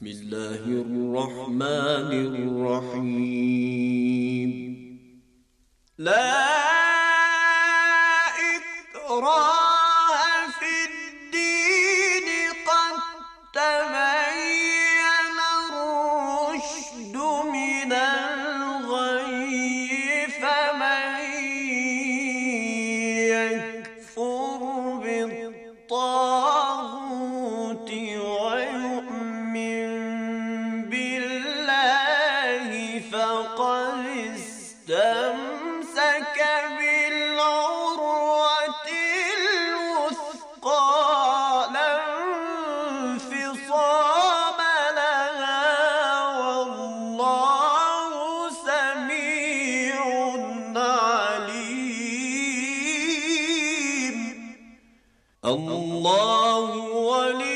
بسم الله الله ولي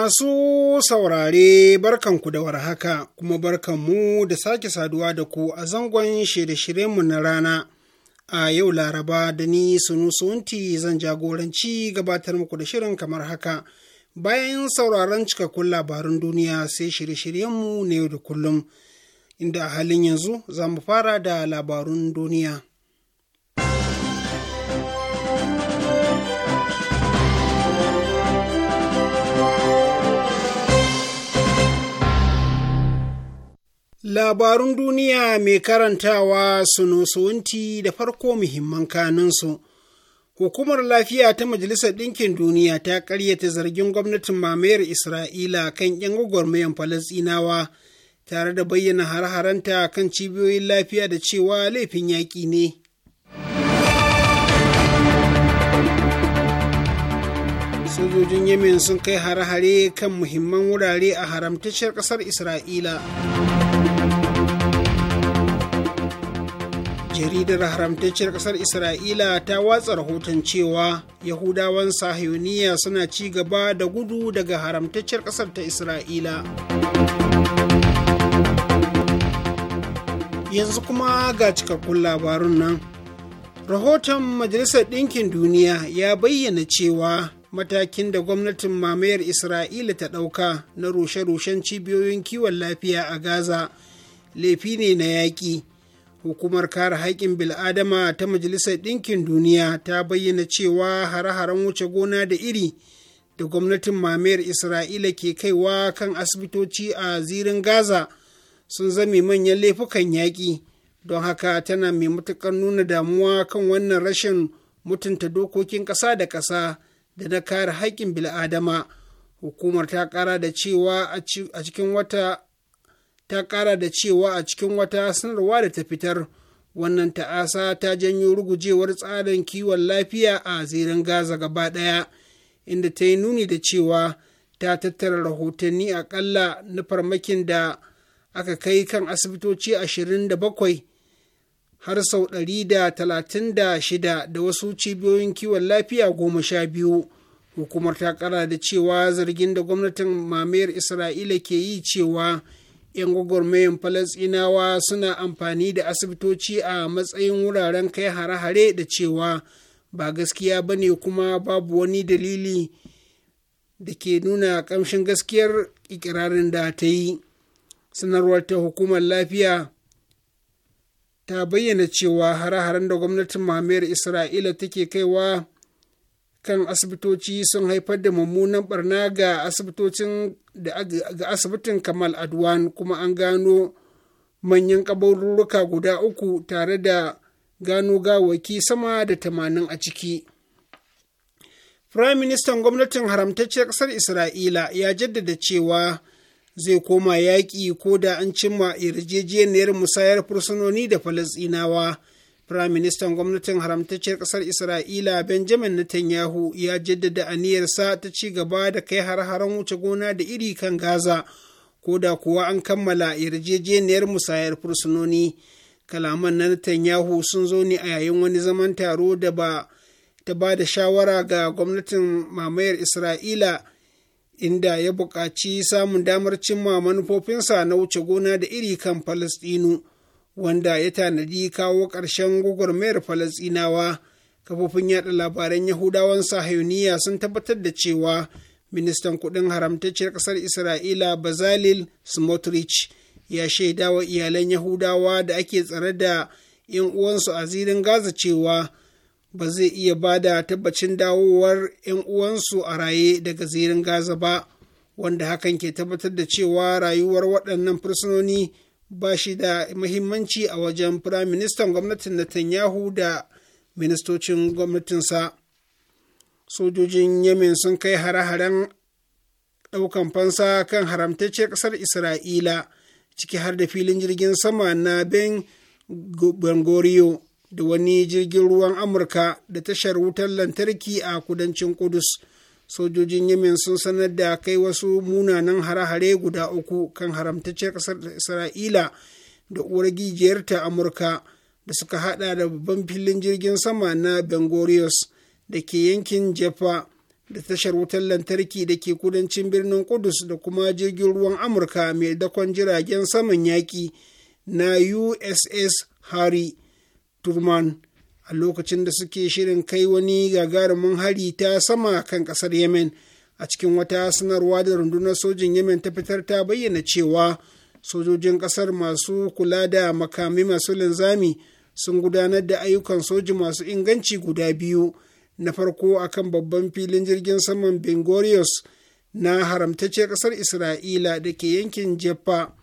Masu saurare barkanku da warhaka kuma barkanmu da sake saduwa da ku a zangon shirye-shiryenmu na rana a yau Laraba da ni sunusunti zan jagoranci gabatar muku da shirin kamar haka. Bayan sauraron cikakkun labarun duniya sai shirye-shiryenmu na yau da kullum, inda a halin yanzu za mu fara da labarun duniya. Labarun duniya mai karantawa su suwunti da farko muhimman kanunsu. Hukumar lafiya ta Majalisar Ɗinkin Duniya ta karyata zargin gwamnatin mamayar Isra'ila kan ‘yan gwagwarmayan Falasɗinawa tare da bayyana har-haranta kan cibiyoyin lafiya da cewa laifin yaƙi ne. Sojojin Yemen sun kai hare-hare kan muhimman wurare a haramtacciyar ƙasar Isra'ila. jaridar haramtacciyar kasar isra'ila ta watsa rahoton cewa yahudawan sahiyoniya suna ci gaba da gudu daga haramtacciyar kasar ta isra'ila yanzu kuma ga cikakkun labarun nan rahoton majalisar ɗinkin duniya ya bayyana cewa matakin da gwamnatin mamayar isra'ila ta ɗauka na rushe-rushen cibiyoyin kiwon lafiya a gaza laifi ne na yaƙi hukumar kare haƙƙin bil'adama ta majalisar ɗinkin duniya ta bayyana cewa hare-haren wuce gona da iri da gwamnatin mamayar isra'ila ke kaiwa kan asibitoci a zirin gaza sun zame manyan laifukan yaƙi don haka tana mai matuƙar nuna damuwa kan wannan rashin mutunta dokokin ƙasa da ƙasa da na kare haƙƙin bil'adama hukumar ta ƙara da cewa a cikin wata ta ƙara da cewa a cikin wata sanarwa da ta fitar wannan ta'asa ta janyo rugujewar tsarin kiwon lafiya a zirin gaza gaba ɗaya inda ta yi nuni da cewa ta tattara rahotanni aƙalla na farmakin da aka kai kan asibitoci ashirin da bakwai har sau ɗari da talatin da shida da wasu cibiyoyin kiwon lafiya goma sha biyu hukumar ta ƙara da cewa zargin da gwamnatin mamayar isra'ila ke yi cewa 'yan gwagwarmayin falasinawa suna amfani da asibitoci a matsayin wuraren kai hare-hare da cewa ba gaskiya ba ne kuma babu wani dalili da ke nuna ƙamshin gaskiyar ikirarin da ta yi sanarwar ta hukumar lafiya ta bayyana cewa hare-haren da gwamnatin mamayar isra'ila take kaiwa kan asibitoci sun haifar da mummunan barna ga ga asibitin kamal adwan kuma an gano manyan kabarurruka guda uku tare da gano gawaki sama da tamanin a ciki Firaministan gwamnatin haramtacciyar ƙasar Isra'ila ya jaddada cewa zai koma yaƙi ko da an cimma yarjejeniyar musayar fursunoni da Falasɗinawa Firaministan gwamnatin haramtacciyar ƙasar Isra'ila Benjamin Netanyahu ya jaddada aniyarsa ta ci gaba da kai har-haren wuce gona da iri kan Gaza, ko da kuwa an kammala yarjejeniyar musayar fursunoni. Kalaman na Netanyahu sun zo ne a yayin wani zaman taro da ba ta ba da shawara ga gwamnatin mamayar Isra'ila inda ya buƙaci samun damar cimma manufofinsa na wuce gona da iri kan Falasɗinu. wanda ya tanadi kawo ƙarshen gwagwarmayar falasinawa kafofin yada labaran yahudawan sahayuniya sun tabbatar da cewa ministan kudin haramtacciyar ƙasar isra'ila bazalil smotrich ya shaida wa iyalan yahudawa da ake tsare da 'yan uwansu a zirin gaza cewa ba zai iya ba da tabbacin dawowar 'yan uwansu a raye daga zirin gaza ba wanda hakan ke tabbatar da cewa rayuwar waɗannan fursunoni ba shi da muhimmanci a wajen firaministan gwamnatin Netanyahu da ministocin gwamnatinsa. Sojojin Yemen sun kai hare-haren ɗaukan fansa kan haramtacce ƙasar Isra'ila ciki har da filin jirgin sama na Ben Gurion da wani jirgin ruwan Amurka da tashar wutar lantarki a kudancin Kudus. sojojin yemen sun sanar da kai wasu munanan hare-hare guda uku kan haramtacciyar ƙasar isra'ila da uwar gijiyarta amurka da suka hada da babban filin jirgin sama na bengorius da ke yankin jefa da tashar wutar lantarki da ke kudancin birnin kudus da kuma jirgin ruwan amurka mai dakon jiragen saman yaƙi na uss harry turman a lokacin da suke shirin kai wani gagarumin hari ta sama kan ƙasar yemen a cikin wata sanarwa da rundunar sojin yemen ta fitar ta bayyana cewa sojojin ƙasar masu kula da makami masu linzami sun gudanar da ayyukan soji masu inganci guda biyu na farko akan babban filin jirgin saman bengorius na haramtacce ƙasar isra'ila da ke yankin jeffa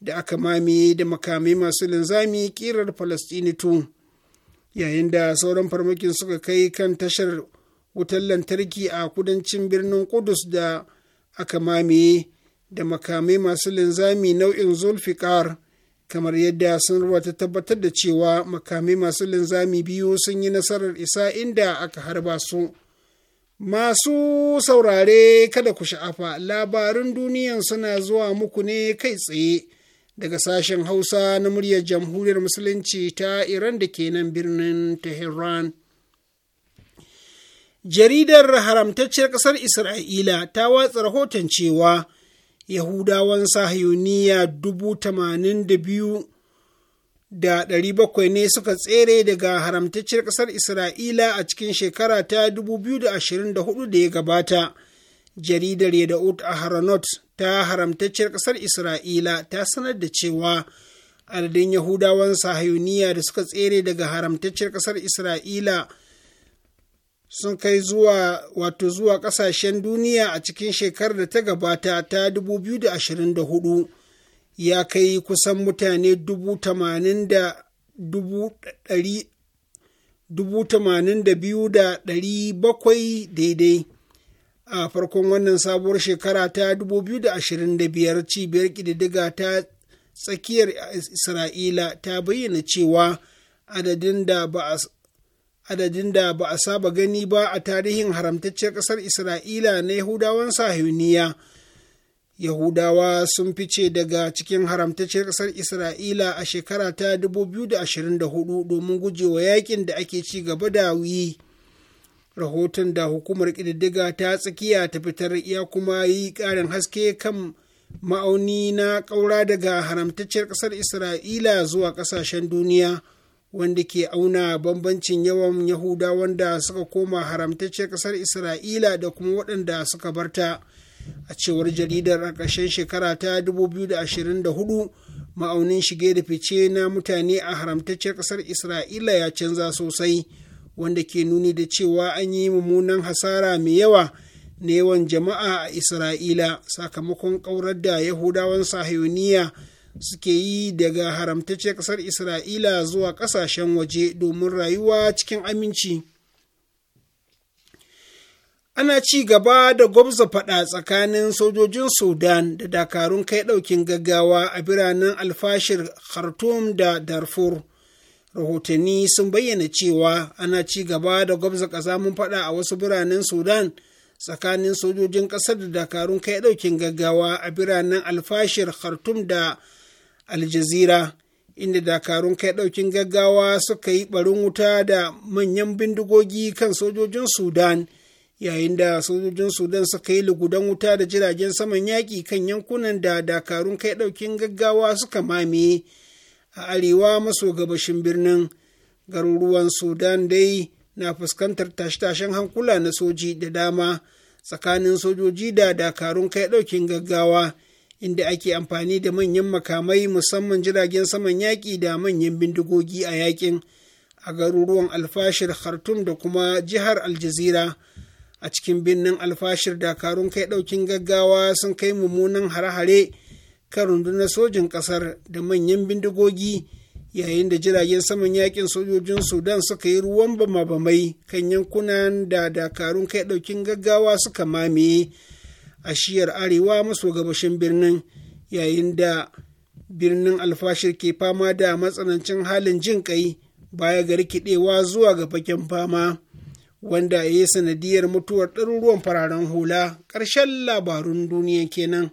da aka mamaye da makamai masu linzami ƙirar falastinitu yayin da sauran farmakin suka kai kan tashar wutar lantarki a kudancin birnin kudus da aka mamaye da makamai masu linzami nau'in zulfikar kamar yadda sun ta tabbatar da cewa makamai masu linzami biyu sun yi nasarar isa inda aka harba su masu saurare kada ku sha'afa labarin duniyan suna zuwa muku ne kai tsaye daga sashen hausa na muryar jamhuriyar musulunci ta iran da ke nan birnin tehran jaridar haramtacciyar ƙasar isra'ila ta watsa rahoton cewa yahudawan sahayuniya dubu tamanin da biyu ne suka tsere daga haramtacciyar ƙasar isra'ila a cikin shekara ta dubu da ya gabata jaridar yadda'ut aharonot ta haramtacciyar ƙasar isra'ila ta sanar da cewa adadin yahudawan sahayuniya da suka tsere daga haramtacciyar ƙasar isra'ila sun kai zuwa wato zuwa ƙasashen duniya a cikin shekarar da ta gabata ta 2024 ya kai kusan mutane dubu dubu tamanin da biyu da ɗari bakwai daidai a farkon wannan sabuwar shekara ta 2025 cibiyar ƙididdiga ta tsakiyar isra'ila ta bayyana cewa adadin da ba a saba gani ba a tarihin haramtacciyar ƙasar isra'ila na yahudawan sahiyuniya yahudawa sun fice daga cikin haramtacciyar ƙasar isra'ila a shekara ta 2024 domin gujewa yakin da ake ci gaba da wuyi rahoton da hukumar ƙididdiga ta tsakiya ta fitar ya kuma yi ƙarin haske kan ma'auni na ƙaura daga haramtacciyar ƙasar isra'ila zuwa ƙasashen duniya wanda ke auna bambancin yawan yahuda wanda suka koma haramtacciyar ƙasar isra'ila da kuma waɗanda suka barta a cewar jaridar a ƙarshen shekara ta 2024 ma'aunin shige da fice na mutane a haramtacciyar ƙasar isra'ila ya canza sosai. wanda ke nuni da cewa an yi mummunan hasara mai yawa na yawan jama'a a isra'ila sakamakon ƙaurar da yahudawan sahiyoniya suke yi daga haramtacce ƙasar isra'ila zuwa ƙasashen waje domin rayuwa cikin aminci ana ci gaba da gwamza faɗa tsakanin sojojin sudan da dakarun kai ɗaukin gaggawa a biranen alfashir khartoum da darfur rahotanni sun bayyana cewa ana ci gaba da gwabza ƙazamin faɗa a wasu biranen sudan tsakanin sojojin ƙasar da dakarun kai ɗaukin gaggawa a biranen alfashir khartum da aljazira inda dakarun kai ɗaukin gaggawa suka yi ɓarin wuta da manyan bindigogi kan sojojin sudan yayin da sojojin sudan suka yi lugudan wuta da jiragen saman yaƙi kan yankunan da dakarun kai ɗaukin gaggawa suka mamaye a arewa maso gabashin birnin garuruwan sudan dai na fuskantar tashe-tashen hankula na soji da dama tsakanin sojoji da dakarun kai ɗaukin gaggawa inda ake amfani da manyan makamai musamman jiragen saman yaƙi da manyan bindigogi a yaƙin a garuruwan alfashir khartum da kuma jihar aljazira a cikin birnin alfashir dakarun kai ɗaukin gaggawa sun kai mummunan hare-hare kan rundunar sojin ƙasar da manyan bindigogi yayin da jiragen saman yakin sojojin sudan suka yi ruwan bama-bamai kan yankunan da dakarun kai ɗaukin gaggawa suka mamaye a shiyar arewa maso gabashin birnin yayin da birnin alfashir ke fama da matsanancin halin jin kai baya ga rikidewa zuwa ga fagen fama wanda ya yi sanadiyar mutuwar ɗaruruwan fararen hula ƙarshen labarun duniya kenan.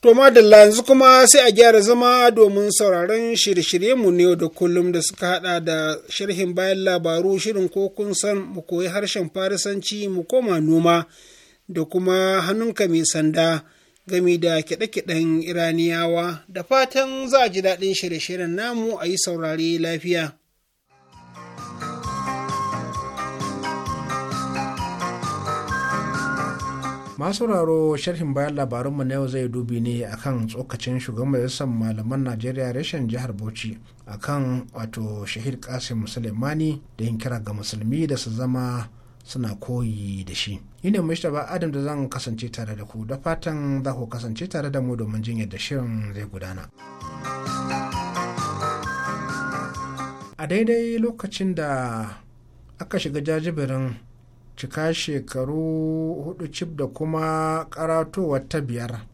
To madalla yanzu kuma sai a gyara zama domin sauraron shirye-shiryenmu ne yau da kullum da suka hada da sharhin bayan labaru shirin ko kun san mu koyi harshen farisanci mu koma noma da kuma hannunka mai sanda gami da kiɗe-kiɗen iraniyawa da fatan za a ji daɗin shirye-shiryen namu a yi saurare lafiya. masu raro sharhin bayan mu na yau zai dubi ne akan tsokacin shugaban majalisar malaman najeriya reshen jihar bauchi akan wato shahid kasim suleimani da yin kira ga musulmi da su zama suna koyi da shi ne mustapha adam da zan kasance tare da ku da fatan za ku kasance tare da mu domin jin yadda shirin zai gudana a daidai lokacin da aka shiga jajibirin cika shekaru hudu cif da kuma karatowar ta biyar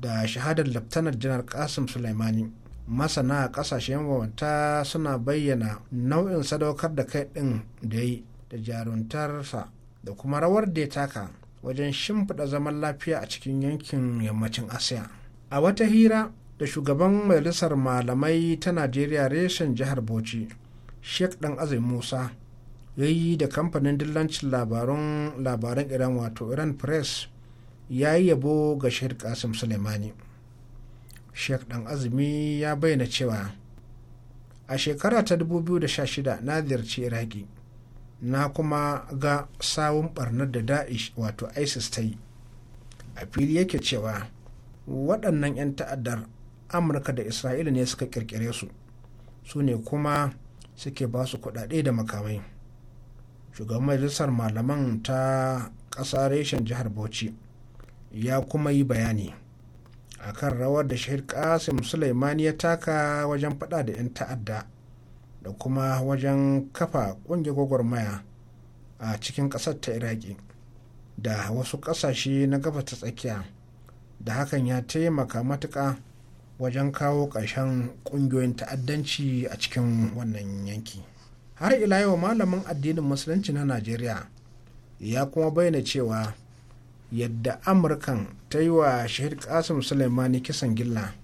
da shahadar laftanar janar kasim sulaimani masana a kasashen mabanta suna bayyana nau'in sadaukar da kai ɗin da yi da jaruntarsa da kuma rawar da ya taka wajen shimfiɗa zaman lafiya a cikin yankin yammacin asiya a wata hira da shugaban majalisar malamai ta najeriya reshen jihar bauchi sheikh dan azai musa ya yi da kamfanin dillancin labarun labaran iran wato iran press ya yi yabo ga sheikh kasim suleimani sheikh dan azumi ya bayyana cewa a shekara ta 2016 na ziyarci iraki na kuma ga sawun barnar da da'ish wato isis ta yi a fili yake cewa waɗannan 'yan ta'addar amurka da isra'ila ne suka kirkire su su ne kuma suke ba su kuɗaɗe da makamai shugaban majalisar malaman ta ƙasa reshen jihar bauchi ya kuma yi bayani a kan rawar da shahid kasim suleimani ya taka wajen fada da 'yan ta'adda da kuma wajen kafa ƙungiyar gwagwarmaya a cikin ƙasar ta iraki da wasu ƙasashe na gaba ta tsakiya da hakan ya taimaka matuƙa wajen kawo ƙarshen ƙungiyoyin ta'addanci a cikin wannan yanki. har ila yau malamin addinin musulunci na najeriya ya kuma bayyana cewa yadda amurkan ta yi wa shahid kasim suleimani kisan gilla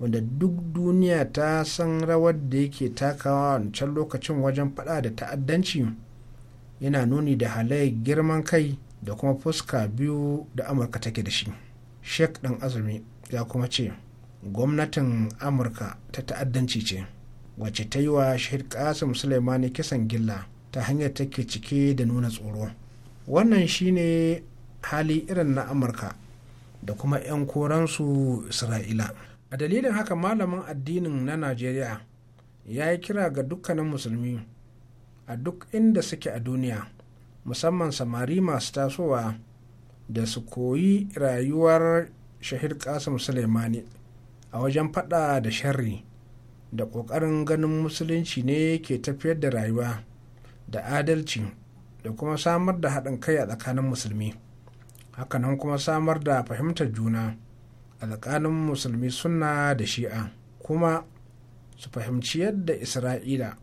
wanda duk duniya ta san rawar da yake takawa wancan lokacin wajen fada da ta'addanci yana nuni da halayyar girman kai da kuma fuska biyu da amurka take da shi sheik dan azumi ya kuma ce gwamnatin amurka ta ta'addanci ce wacce ta yi wa shahid kasim suleimani kisan gilla ta hanyar take cike da nuna tsoro wannan shine hali irin na amurka da kuma 'yan koransu isra'ila a dalilin haka malamin addinin na najeriya ya yi kira ga dukkanin musulmi a duk inda suke a duniya musamman samari masu tasowa da su koyi rayuwar shahid kasim suleimani a wajen fada da sharri da ƙoƙarin ganin musulunci ne ke tafiyar da rayuwa da adalci da kuma samar da haɗin kai a tsakanin musulmi hakanan kuma samar da fahimtar juna a tsakanin musulmi sunna da shi'a kuma su fahimci yadda isra'ila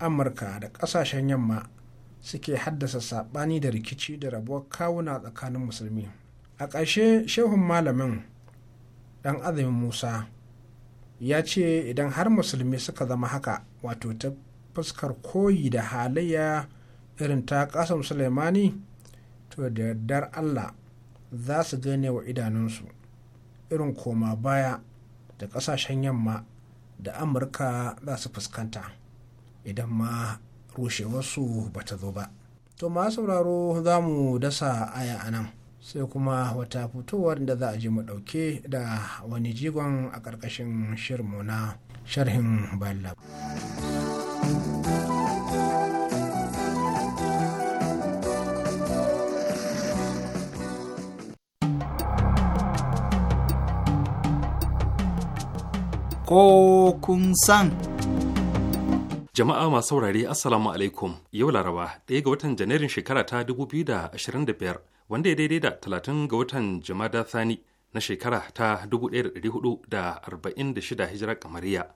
amurka da ƙasashen yamma suke haddasa saɓani da rikici da rabuwar kawuna tsakanin musulmi a ƙarshe shehun malamin ɗan azumin musa ya ce idan har musulmi suka zama haka wato ta fuskar koyi da halayya irin ta kasar sulaimani to da dar allah za su gane wa idanunsu irin koma baya da kasashen yamma da amurka za su fuskanta idan ma rushewarsu ba ta zo ba to ma sauraro za mu dasa aya anan. sai kuma wata fitowar da za a ji mu dauke da wani jigon a ƙarƙashin shirmu na sharhin bayan Ko kun san. Jama'a masu saurare Assalamu alaikum yau Laraba ɗaya ga watan Janairun shekara ta 2025 wanda ya daidai da 30 ga watan Jumada Thani na shekara ta 1446 hijira kamariya.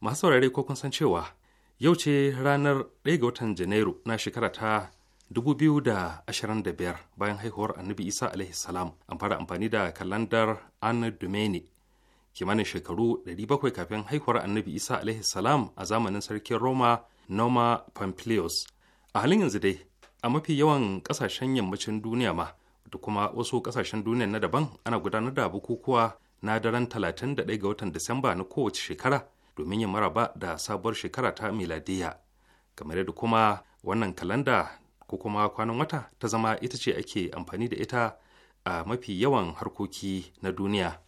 Masu saurare ko kun san cewa yau ce ranar 1 ga watan Janairu na shekara ta 2025 bayan haihuwar Annabi Isa alaihi salam an fara amfani da kalandar an Domini kimanin shekaru 700 kafin haihuwar Annabi Isa alaihi salam a zamanin sarki Roma Noma Pompilius. A halin yanzu dai a mafi yawan kasashen yammacin duniya ma da kuma wasu kasashen duniya na daban ana gudanar da bukukuwa na daren 31 ga watan disamba na kowace shekara domin yin maraba da sabuwar shekara ta miladiya kamar yadda kuma wannan kalanda ko kuma kwanan wata ta zama ita ce ake amfani da ita a mafi yawan harkoki na duniya.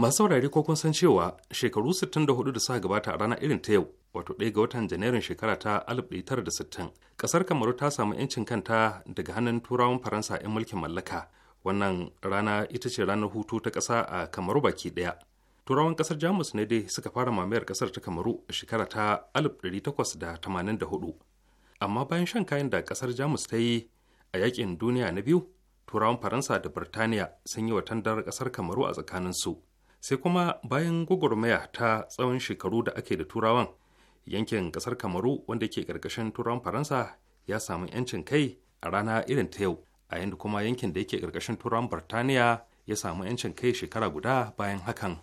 masu saurare ko kun san cewa shekaru 64 da suka gabata a rana irin ta yau wato ɗaya ga watan janairun shekara ta 1960 ƙasar kamaru ta samu 'yancin kanta daga hannun turawan faransa 'yan mulkin mallaka wannan rana ita ce ranar hutu ta ƙasa a kamaru baki ɗaya turawan ƙasar jamus ne dai suka fara mamayar ƙasar ta kamaru a shekara ta 1884 amma bayan shan kayan da ƙasar jamus ta yi a yakin duniya na biyu turawan faransa da birtaniya sun yi wa tandar ƙasar kamaru a tsakaninsu sai kuma bayan gwagwarmaya ta tsawon shekaru da ake da turawan yankin kasar kamaru wanda ke karkashin turawan faransa ya samu 'yancin kai a rana irin ta yau a yanda kuma yankin da yake karkashin turawan birtaniya ya samu 'yancin kai shekara guda bayan hakan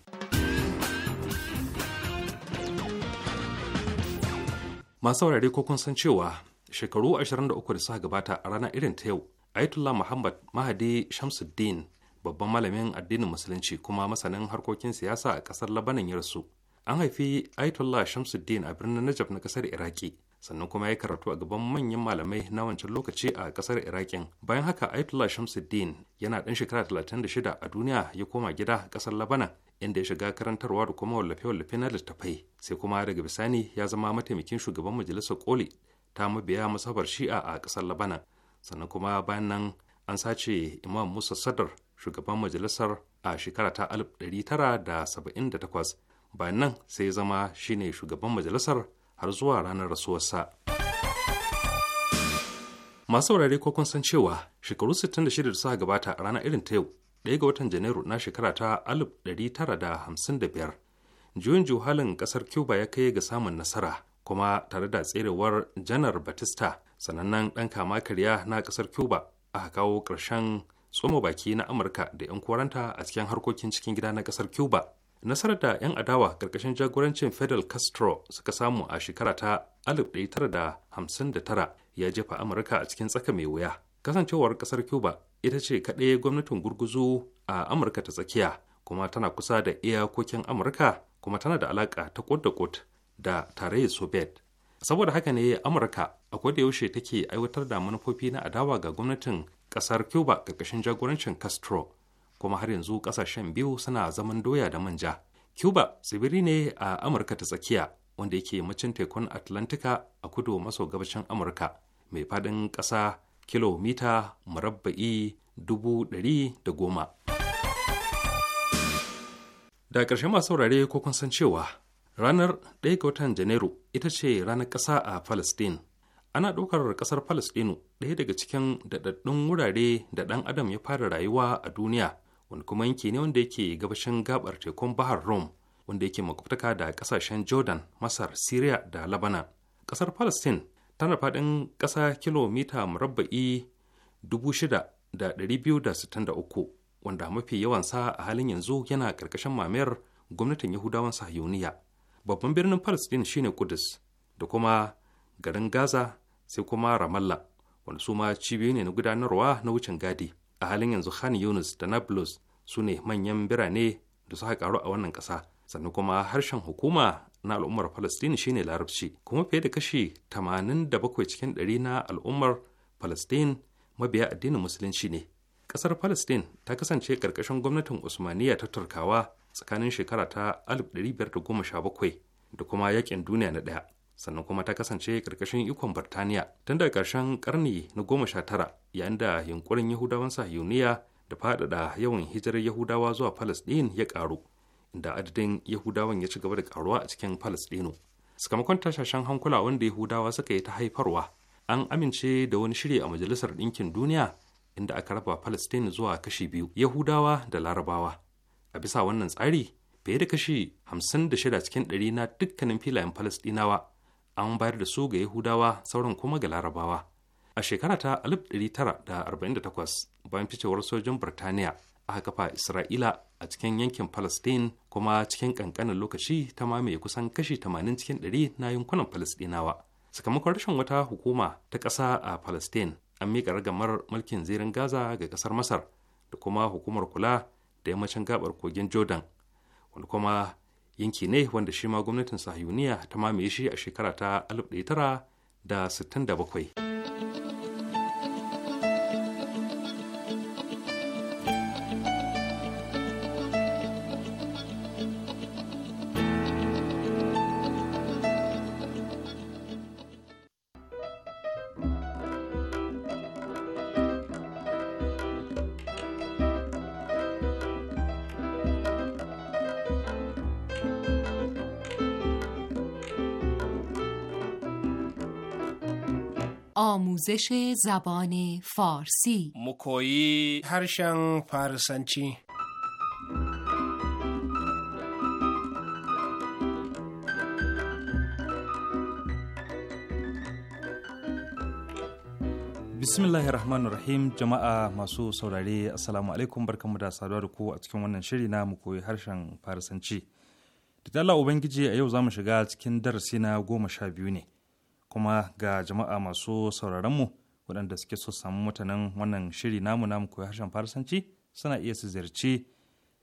masu saurare ko kun san cewa shekaru 23 da suka gabata a rana irin ta yau ayatollah muhammad mahadi shamsuddin babban malamin addinin musulunci kuma masanin harkokin siyasa a kasar labanan ya rasu an haifi aitullah shamsuddin a birnin najaf na kasar iraki sannan kuma ya karatu a gaban manyan malamai na wancan lokaci a kasar Iraki bayan haka aitullah shamsuddin yana ɗan shekara 36 a duniya ya koma gida kasar labanan inda ya shiga karantarwa da kuma wallafe-wallafe na littattafai sai kuma daga bisani ya zama mataimakin shugaban majalisar koli ta mabiya masabar shi'a a kasar labanan sannan kuma bayan nan an sace imam musa sadar shugaban majalisar a shekara ta 1978 bayan nan sai zama shine shugaban majalisar har zuwa ranar rasuwarsa. Masu wurare ko kun san cewa shekaru 66 da suka gabata a ranar irin ta yau, ɗaya ga watan Janairu na shekara ta 1955, juyin juhalin ƙasar Cuba ya kai ga samun nasara, kuma tare da tserewar Janar Batista, sanannen ɗan kama karya na ƙasar Cuba aka kawo ƙarshen tsoma baki na amurka da 'yan koranta a cikin harkokin cikin gida na kasar cuba nasarar da 'yan adawa karkashin jagorancin fidel castro suka samu a shekara ta 1959 ya jefa amurka a cikin tsaka mai wuya kasancewar kasar cuba ita ce kaɗai gwamnatin gurguzu a amurka ta tsakiya kuma tana kusa da iyakokin amurka kuma tana da alaƙa ta kot da kot da tarayyar soviet saboda haka ne amurka akwai da yaushe take aiwatar da manufofi na adawa ga gwamnatin ƙasar cuba ƙarƙashin jagorancin castro kuma har yanzu ƙasashen biyu suna zaman doya da manja cuba tsibiri ne a amurka ta tsakiya wanda yake macin tekun atlantika a kudu maso gabashin amurka mai faɗin ƙasa kilomita murabba'i dubu ɗari da goma da ƙarshe masu saurare ko kun san cewa ranar 1 ga watan janairu ita ce ranar ƙasa a palestine ana ɗaukar ƙasar palestino ɗaya daga cikin daɗaɗɗun wurare da ɗan adam ya fara rayuwa a duniya wani kuma yanki ne wanda yake gabashin gabar tekun bahar rome wanda yake makwabtaka da ƙasashen jordan masar syria da labana ƙasar palestine tana faɗin ƙasa kilomita murabba'i 6,263 wanda mafi yawansa a halin yanzu yana ƙarƙashin mamayar gwamnatin yahudawan sahiyoniya babban birnin palestine shine kudus da kuma garin gaza sai kuma ramallah wanda su ma cibiyoyi ne na gudanarwa na wucin gadi a halin yanzu khan yunus da nablus su ne manyan birane da suka karu a wannan ƙasa sannan kuma harshen hukuma na al'ummar palestine shine larabci kuma fiye da kashi 87 cikin ɗari na al'ummar palestine mabiya addinin musulunci ne. Ƙasar palestine ta kasance ƙarƙashin gwamnatin Usmaniya ta Turkawa tsakanin shekara ta 1517 da kuma yakin duniya na ɗaya. sannan kuma ta kasance ƙarƙashin ikon Birtaniya tun daga ƙarshen ƙarni na goma sha tara yayin da yunkurin Yahudawan Sahiyuniya da faɗaɗa yawan hijirar Yahudawa zuwa palestine ya ƙaru inda adadin Yahudawan ya ci gaba da ƙaruwa a cikin Falasɗinu. Sakamakon tashashen hankula wanda Yahudawa suka yi ta haifarwa an amince da wani shiri a Majalisar Ɗinkin Duniya inda aka raba palestine zuwa kashi biyu Yahudawa da Larabawa. A bisa wannan tsari fiye da kashi 56 cikin ɗari na dukkanin filayen Falasɗinawa an bayar da su ga yahudawa sauran kuma ga larabawa a shekara ta 1948 bayan ficewar sojin birtaniya aka kafa isra'ila a cikin yankin palestine kuma cikin kankanin lokaci ta mamaye kusan kashi 80 cikin 100 na yankunan palestinawa sakamakon rashin wata hukuma ta ƙasa a palestine an miƙa ragamar mulkin zirin gaza ga ƙasar masar da kuma hukumar kula da yammacin gabar kogin jordan wani kuma yanki ne wanda shi ma gwamnatin sahiyuniya ta mamaye shi a shekara ta 1967 آموزش زبان فارسی مکویی هرشن فارسنچی bismillahir rahmanir rahim jama'a masu saurare assalamu alaikum barkanmu da saduwa da ku a cikin wannan shiri na mu koyi harshen farisanci da Allah ubangiji a yau za mu shiga cikin darasi na goma sha biyu ne kuma ga jama'a masu mu waɗanda suke so samu mutanen wannan shiri namu namu koyi harshen farsanci suna iya su ziyarci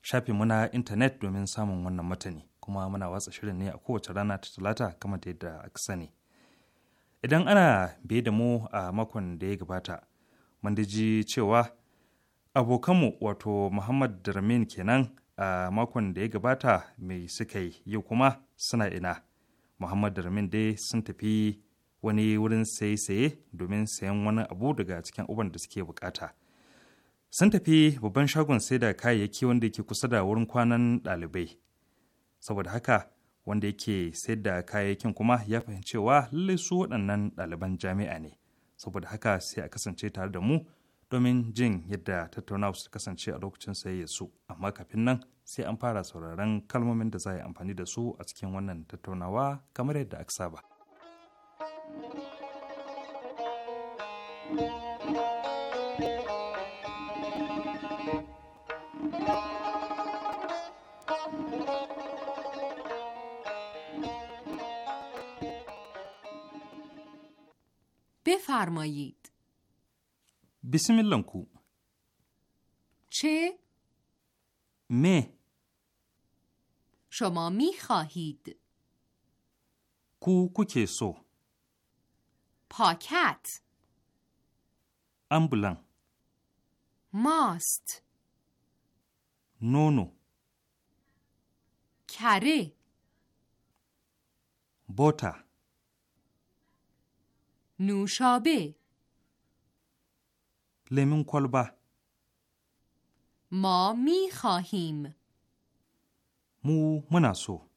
shafin mu intanet domin samun wannan matani kuma muna watsa shirin ne a kowace rana ta talata kamar da yadda aka sani idan ana biye da mu a makon da ya gabata mun ji cewa abokanmu wato muhammad darmin kenan a makon da ya gabata mai suka yi yau kuma suna ina muhammad darmin dai sun tafi wani wurin saye-saye domin sayan wani abu daga cikin uban da suke bukata. Sun tafi babban shagon sai da kayayyaki wanda yake kusa da wurin kwanan ɗalibai. Saboda haka wanda yake sayar da kayayyakin kuma ya fahimcewa lallai su waɗannan ɗaliban jami'a ne. Saboda haka sai a kasance tare da mu domin jin yadda tattaunawa su kasance a lokacin sayayya su amma kafin nan sai an fara sauraron kalmomin da za a yi amfani da su a cikin wannan tattaunawa kamar yadda aka saba. بفرمایید بسم الله کو چه؟ مه شما می خواهید کو کو سو پاکت امبولان ماست نونو کره بوتا نوشابه لیمون کلبه ما می خواهیم مو مناسو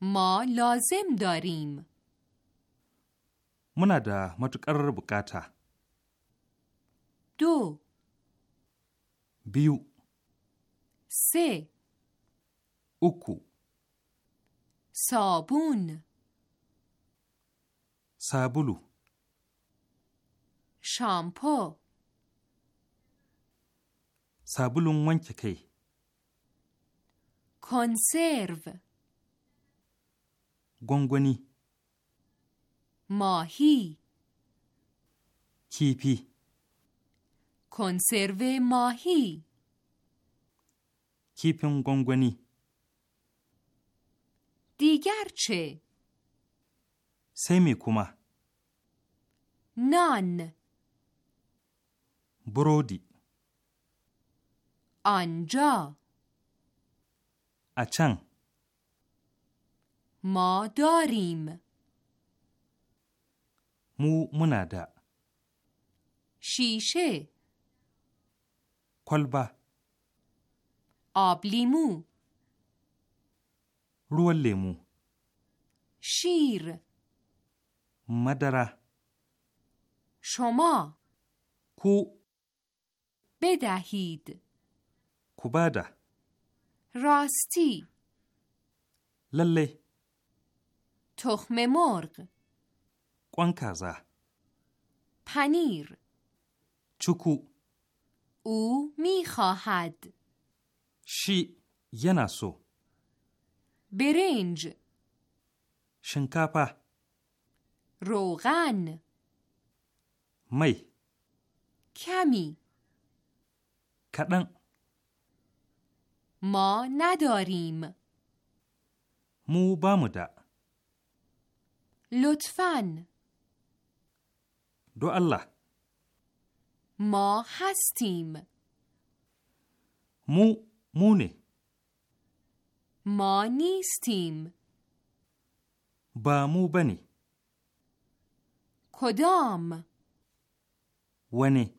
ما لازم داریم muna da matuƙar bukata. Do Biyu Se Uku Sabun Sabulu Shampo Sabulun wanke kai Conserve Gwangwani ماهی کیپی کنسرو ماهی کیپین گونگونی دیگر چه سمی کما نان برودی آنجا اچن ما داریم مو منادا شیشه کلبه آب لیمو رول لیمو شیر مدره شما کو بدهید کوباده راستی لله تخم مرغ قوان کازا پنیر چکو او میخواهد شی یناسو برنج شنکاپا روغن می کمی کدن ما نداریم مو بامدا لطفاً دو الله ما هستیم مو مونه ما نیستیم با مو بنی کدام ونه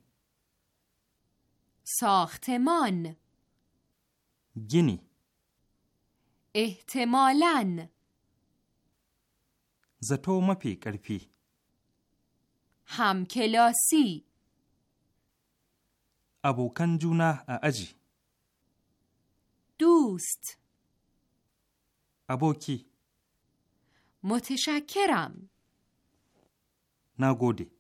ساختمان گینی احتمالاً زتو مپی کرپی همکلاسی کلاسی. کنجونا اجی دوست دوست کی؟ متشکرم نگودی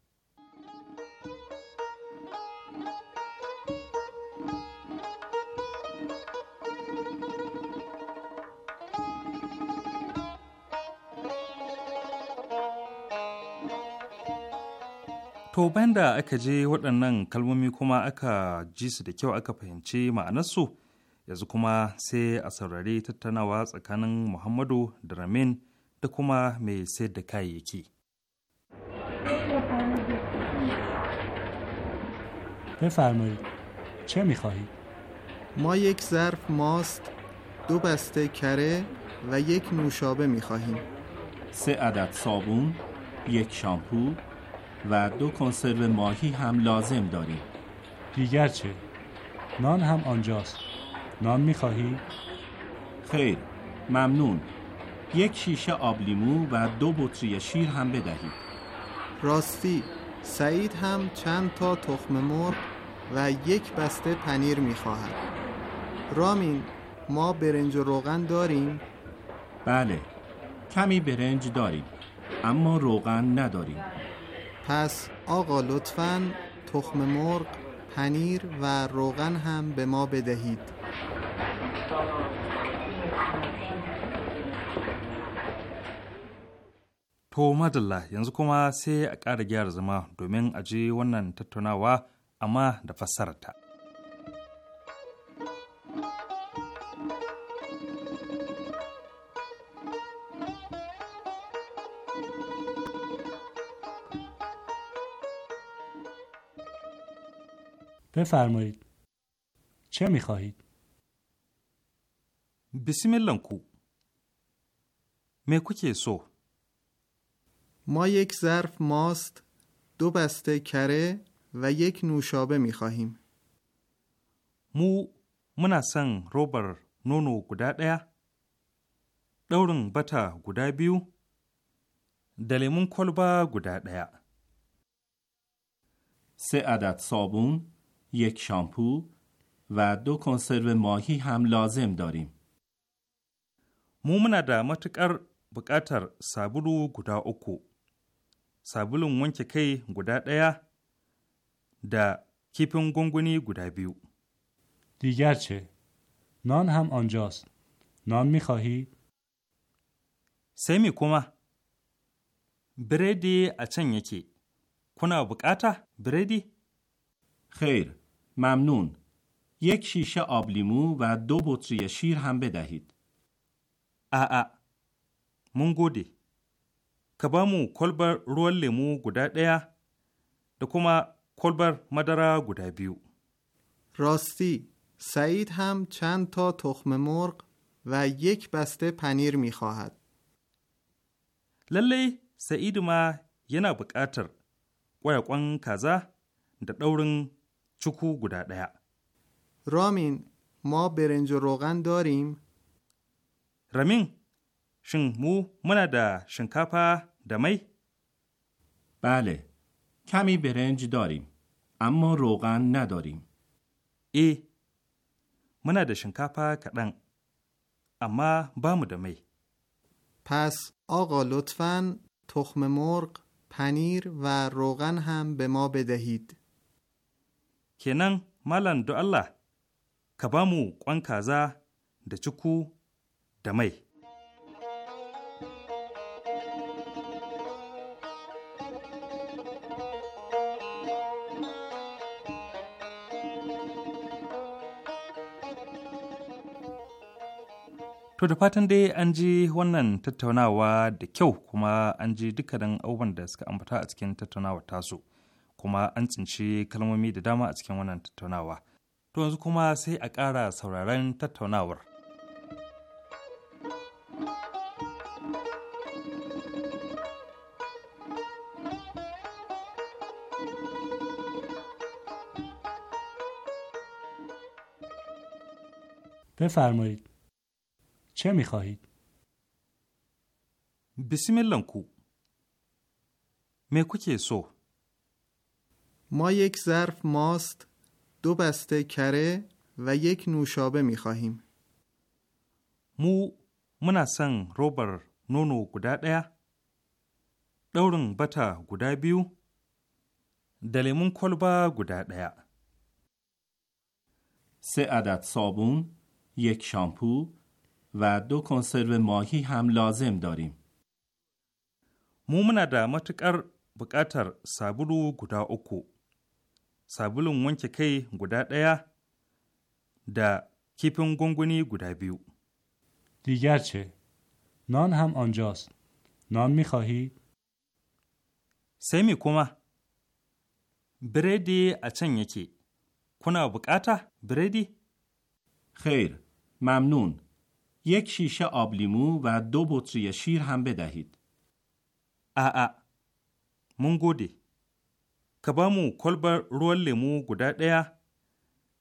To bayan da aka je waɗannan kalmomi kuma aka ji su da kyau aka fahimci ma'anarsu yanzu kuma sai a saurari tattaunawa tsakanin Muhammadu da Ramin da kuma mai sayar da kayayyaki. بفرمایید چه میخواهید؟ ما یک ظرف ماست دو بسته کره و یک نوشابه میخواهیم سه عدد صابون یک شامپو و دو کنسرو ماهی هم لازم داریم دیگر چه؟ نان هم آنجاست نان میخواهی؟ خیر ممنون یک شیشه آب لیمو و دو بطری شیر هم بدهید راستی سعید هم چند تا تخم مرغ و یک بسته پنیر میخواهد رامین ما برنج و روغن داریم؟ بله کمی برنج داریم اما روغن نداریم پس آقا لطفا تخم مرغ پنیر و روغن هم به ما بدهید To madalla yanzu kuma sai a ƙara gyara zama domin a ji wannan tattaunawa amma da fassararta. بفرمایید چه میخواهید؟ بسم الله کو میکو که سو ما یک ظرف ماست دو بسته کره و یک نوشابه میخواهیم مو منسن روبر نونو گده دورن بطا گده بیو دلیمون کلبا گده دیا سه عدد صابون یک شامپو و دو کنسرو ماهی هم لازم داریم. منا دا متقر بقاتر سابلو گودا اوکو. صابلون منچه کی گودا دیا دا کیپن گونگونی گودا بیو. دیگر چه؟ نان هم آنجاست. نان می خواهی؟ سمی کما. بریدی اچن یکی. کنا بقاتر بردی؟ خیر. ممنون. یک شیشه آب لیمو و دو بطری شیر هم بدهید. a'a mun gode ka ba mu kwalbar ruwan lemu guda ɗaya da kuma kwalbar madara guda biyu راستی سعید هم چند تا تخم مرغ و یک بسته پنیر می خواهد. للی سعید ما ینا بکاتر قوی قوان کازا da ɗaurin چکو رامین ما برنج و روغن داریم؟ رامین شن مو منا دا شنکاپا دمی؟ بله کمی برنج داریم اما روغن نداریم ای منا دا شنکاپا کدن اما بامو می پس آقا لطفا تخم مرغ پنیر و روغن هم به ما بدهید kenan malam do Allah ka ba mu ƙwan kaza da cuku da mai. To da fatan dai an ji wannan tattaunawa da kyau kuma an ji dukkanin abubuwan da suka ambata a cikin tattaunawar tasu. kuma an tsinci kalmomi da dama a cikin wannan tattaunawa. To yanzu kuma sai a ƙara sauraron tattaunawar. بفرمایید چه میخواهید؟ بسم الله کو میکو که سو ما یک ظرف ماست دو بسته کره و یک نوشابه می خواهیم. مو سن روبر نونو گدا دیا دورن بتا گدا بیو دلیمون کلبا گدا دیا سه عدد صابون یک شامپو و دو کنسرو ماهی هم لازم داریم. مو منا دا matuƙar buƙatar sabulu گدا sabulun wanke kai guda ɗaya da kifin gunguni guda biyu. Digar ce, non ham onjos, non mi khahi. Sai mi kuma, biredi a can yake, kuna bukata biredi? Khair, mamnun, یک شیشه آب لیمو و دو بطری شیر هم بدهید. آ آ. مون گودی. ka ba mu kwalbar ruwan lemu guda ɗaya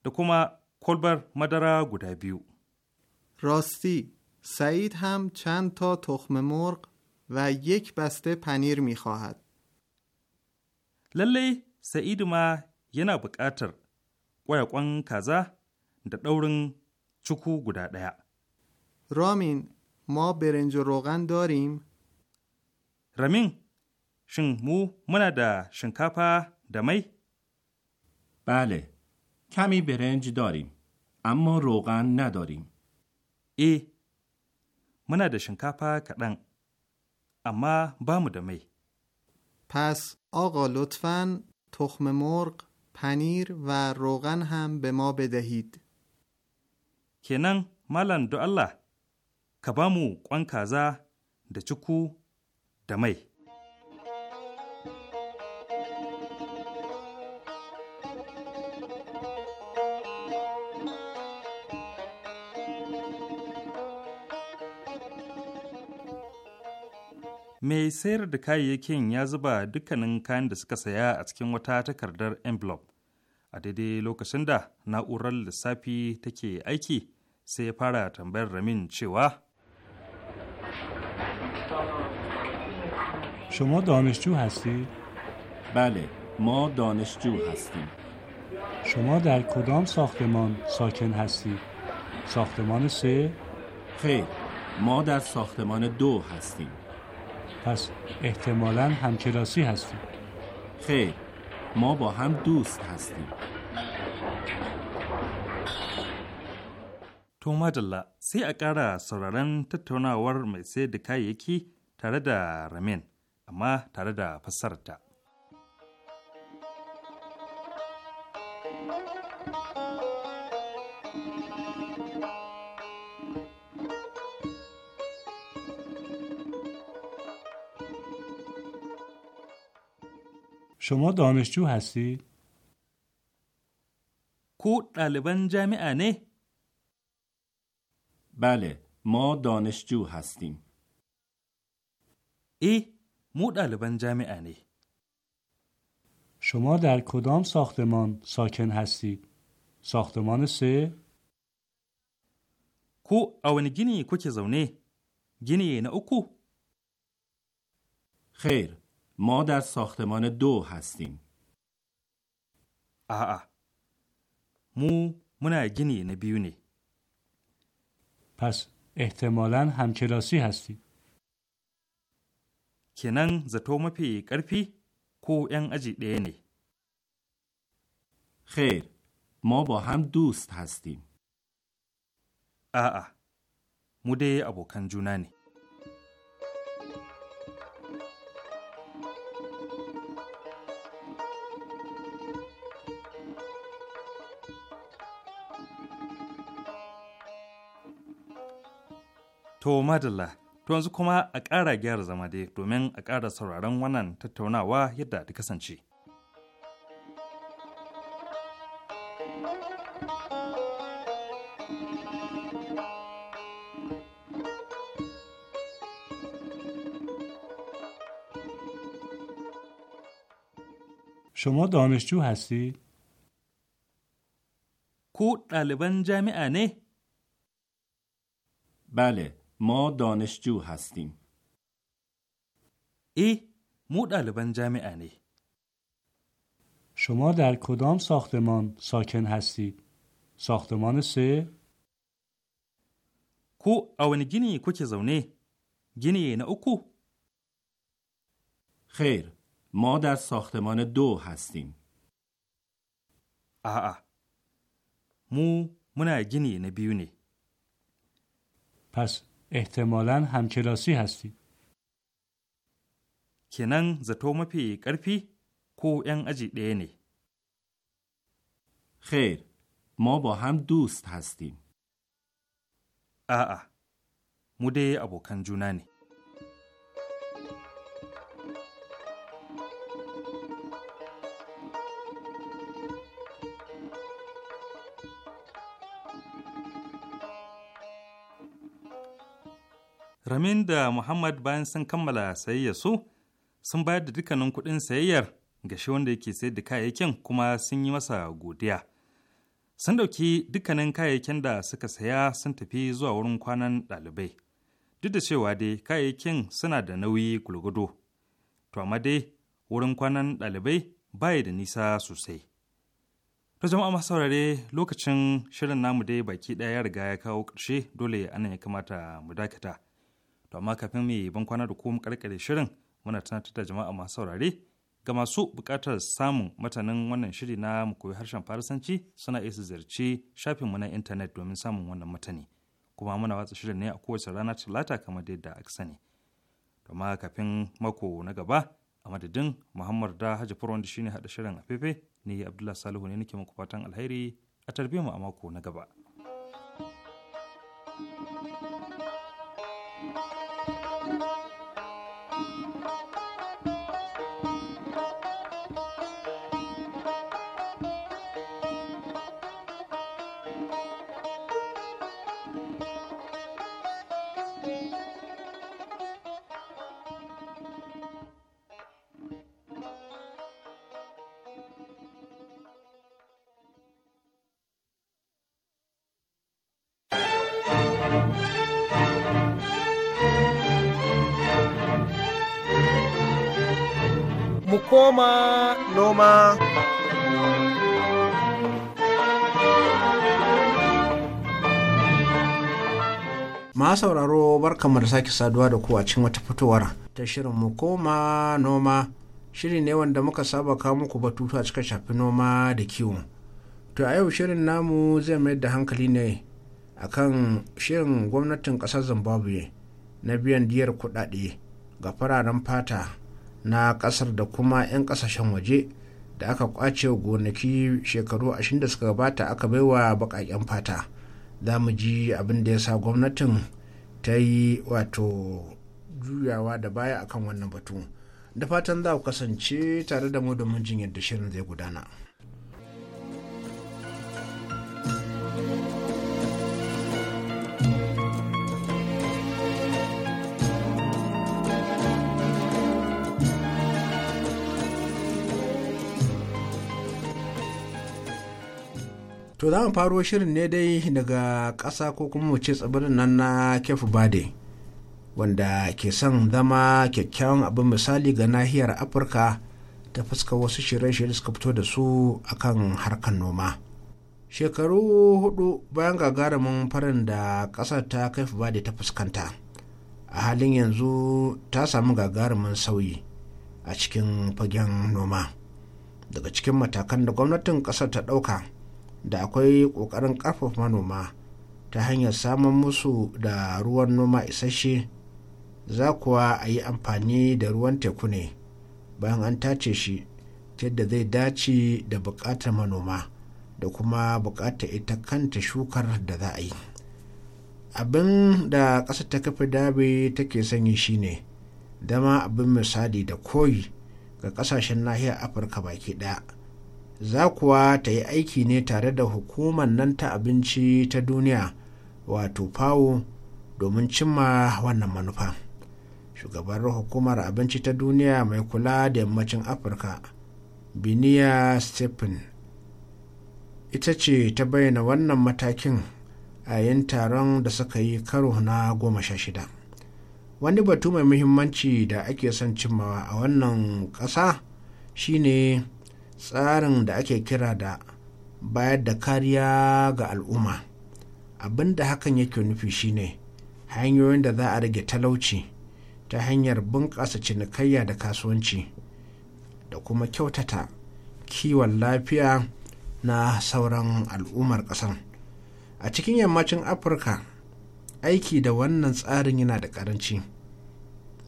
da kuma kwalbar madara guda biyu. راستی سعید هم چند تا تخم مرغ و یک بسته پنیر می للی سعید ما ینا بکاتر قویقوان کازا در دورن چکو گودا رامین ما برنج و روغن داریم؟ رامین شن مو منا شن کپا. دمی؟ بله کمی برنج داریم اما روغن نداریم ای من ده shinkafa کدن اما بامو مو پس آقا لطفا تخم مرغ، پنیر و روغن هم به ما بدهید. کنن مالن دو الله کبامو قوان کازا ده چکو دمی. mai sayar da kayayyakin ya zuba dukkanin kayan da suka saya a cikin wata takardar envelope a daidai lokacin da na'urar lissafi take aiki sai ya fara tambayar ramin cewa شما دانشجو hasti بله ما دانشجو هستیم شما در کدام ساختمان ساکن هستید؟ ساختمان سه؟ خیر ما در ساختمان دو هستیم پس احتمالا همکلاسی هستیم خیر ما با هم دوست هستیم تو مجلا سی اکارا سرارن تتونا ور میسی دکا یکی تارده رمین اما پسر فسرده شما دانشجو هستی؟ کو طالبان جامعه نه؟ بله ما دانشجو هستیم ای مو طالبان جامعه نه شما در کدام ساختمان ساکن هستید؟ ساختمان سه؟ کو اون گینی کو زونه؟ گینی نه اکو؟ خیر ما در ساختمان دو هستیم. آه, آه. مو منا گینی پس احتمالا همکلاسی هستی. کنن زتو مفی پی. کو ین اجی دینی. خیر ما با هم دوست هستیم. آه, آه. مو ابو ابو To madalla, to yanzu kuma a ƙara gyara zama dai domin a ƙara sauraron wannan tattaunawa yadda ta kasance. شما دانشجو هستی؟ کو طالبان جامعه نه؟ بله ما دانشجو هستیم. ای مو دالبان جامعه شما در کدام ساختمان ساکن هستید؟ ساختمان سه؟ کو اون گینی کو زونه؟ گینی نه اکو؟ خیر، ما در ساختمان دو هستیم. آه مو منا گینی نه پس احتمالا همکلاسی هستید. کنن زتو مپی کرپی کو این اجی دینی. خیر ما با هم دوست هستیم. آه مده دai ابو کنجونانی. Ramin da Muhammad bayan sun kammala sayayya su sun bayar da dukkanin kuɗin sayayyar ga shi wanda yake sayar da kayayyakin kuma sun yi masa godiya. Sun ɗauki dukkanin kayayyakin da suka saya sun tafi zuwa wurin kwanan ɗalibai. Duk da cewa dai kayayyakin suna da nauyi gulgudu. To amma dai wurin kwanan ɗalibai baya da nisa sosai. To jama'a masu saurare lokacin shirin namu dai baki ɗaya ya riga ya kawo ƙarshe dole anan ya kamata mu dakata. to amma kafin mu yi bankwana da kuma karkare shirin muna tunatar da jama'a masu saurare ga masu buƙatar samun matanin wannan shiri na mu koyi harshen farisanci suna iya su ziyarci shafinmu na intanet domin samun wannan matani kuma muna watsa shirin ne a kowace rana talata kamar yadda aka sani to amma kafin mako na gaba a madadin muhammad da hajji wanda shine haɗa shirin a fefe ne abdullahi salihu ne nake muku fatan alheri a tarbiyyar mu a mako na gaba. noma noma Ma sauraro barkanmu da sake saduwa da ku a cikin wata fitowar ta shirin mu koma noma shiri ne wanda muka saba kawo muku batutu a cikin shafi noma da kiwo. To a yau shirin namu zai mai da hankali ne a kan shirin gwamnatin ƙasar Zimbabwe na biyan diyar kuɗaɗe ga fararen fata na kasar da kuma 'yan kasashen waje da aka kwace gonaki shekaru ashirin da suka gabata aka baiwa bakaken fata za mu ji abin da ya sa gwamnatin ta yi wato juyawa da baya akan wannan batu da fatan za ku kasance tare da mu domin jin yadda shirin zai gudana to za mu faro shirin ne dai daga ƙasa ko kuma mu ce tsibirin nan na kefu bade wanda ke son zama kyakkyawan abin misali ga nahiyar afirka ta fuska wasu shirye-shirye suka fito da su akan harkar noma shekaru hudu bayan gagarumin farin da ƙasar ta kaifu bade ta fuskanta a halin yanzu ta samu gagarumin sauyi a cikin fagen noma daga cikin matakan da gwamnatin ƙasar ta ɗauka da akwai ƙoƙarin ƙarfafa manoma ta hanyar samun musu da ruwan noma isasshe za kuwa a yi amfani da ruwan teku ne bayan an tace shi yadda zai dace da buƙatar manoma da kuma buƙatar ita kanta shukar da za a yi abin da ƙasa ta kafa dabe take sanyi shine dama abin misali da koyi ga ƙasashen nahiyar afirka baki ɗaya za kuwa ta yi aiki ne tare da hukumar nan ta abinci ta duniya wato fawo domin cimma wannan manufa shugabar hukumar abinci ta duniya mai kula da yammacin afirka biniya stephen ita ce ta bayyana wannan matakin a yin taron da suka yi karo na goma sha shida wani batu mai muhimmanci da ake son cimmawa a wannan ƙasa shine tsarin da ake kira da bayar da kariya ga al'umma abin da hakan yake nufi shine hanyoyin da za a rage talauci ta hanyar bunƙasa cinikayya da kasuwanci da kuma kyautata kiwon lafiya na sauran al'ummar ƙasar a cikin yammacin afirka aiki da wannan tsarin yana da ƙaranci.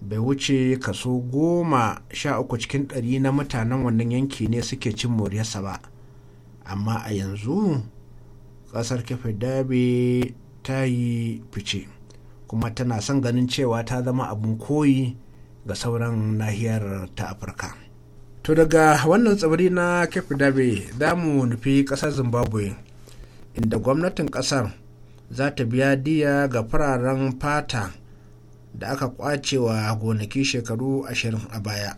bai wuce kaso goma sha uku cikin ɗari na mutanen wannan yanki ne suke cin moriyarsa ba amma a yanzu ƙasar kafe dabe ta yi fice kuma tana son ganin cewa ta zama abin koyi ga sauran nahiyar ta afirka to daga wannan tsibiri na cape dabe za mu nufi ƙasar zimbabwe inda gwamnatin ƙasar za ta biya diya ga fararen fata da aka kwacewa gonaki shekaru ashirin a baya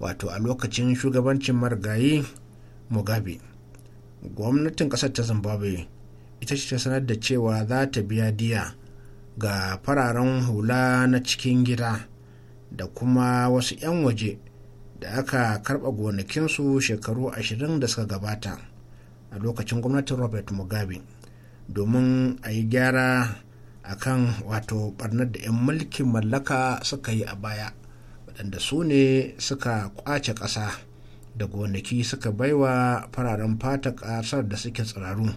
wato a lokacin shugabancin marigayi mugabe gwamnatin kasar ta zimbabwe ita ce ta sanar da cewa za ta biya diya ga fararen hula na cikin gida da kuma wasu 'yan waje da aka karba gonakinsu shekaru ashirin da suka gabata a lokacin gwamnatin robert mugabe domin a yi gyara akan wato barnar da 'yan mulkin mallaka suka yi a baya waɗanda su ne suka kwace ƙasa da gonaki suka baiwa fararen fata ƙasar da suke tsiraru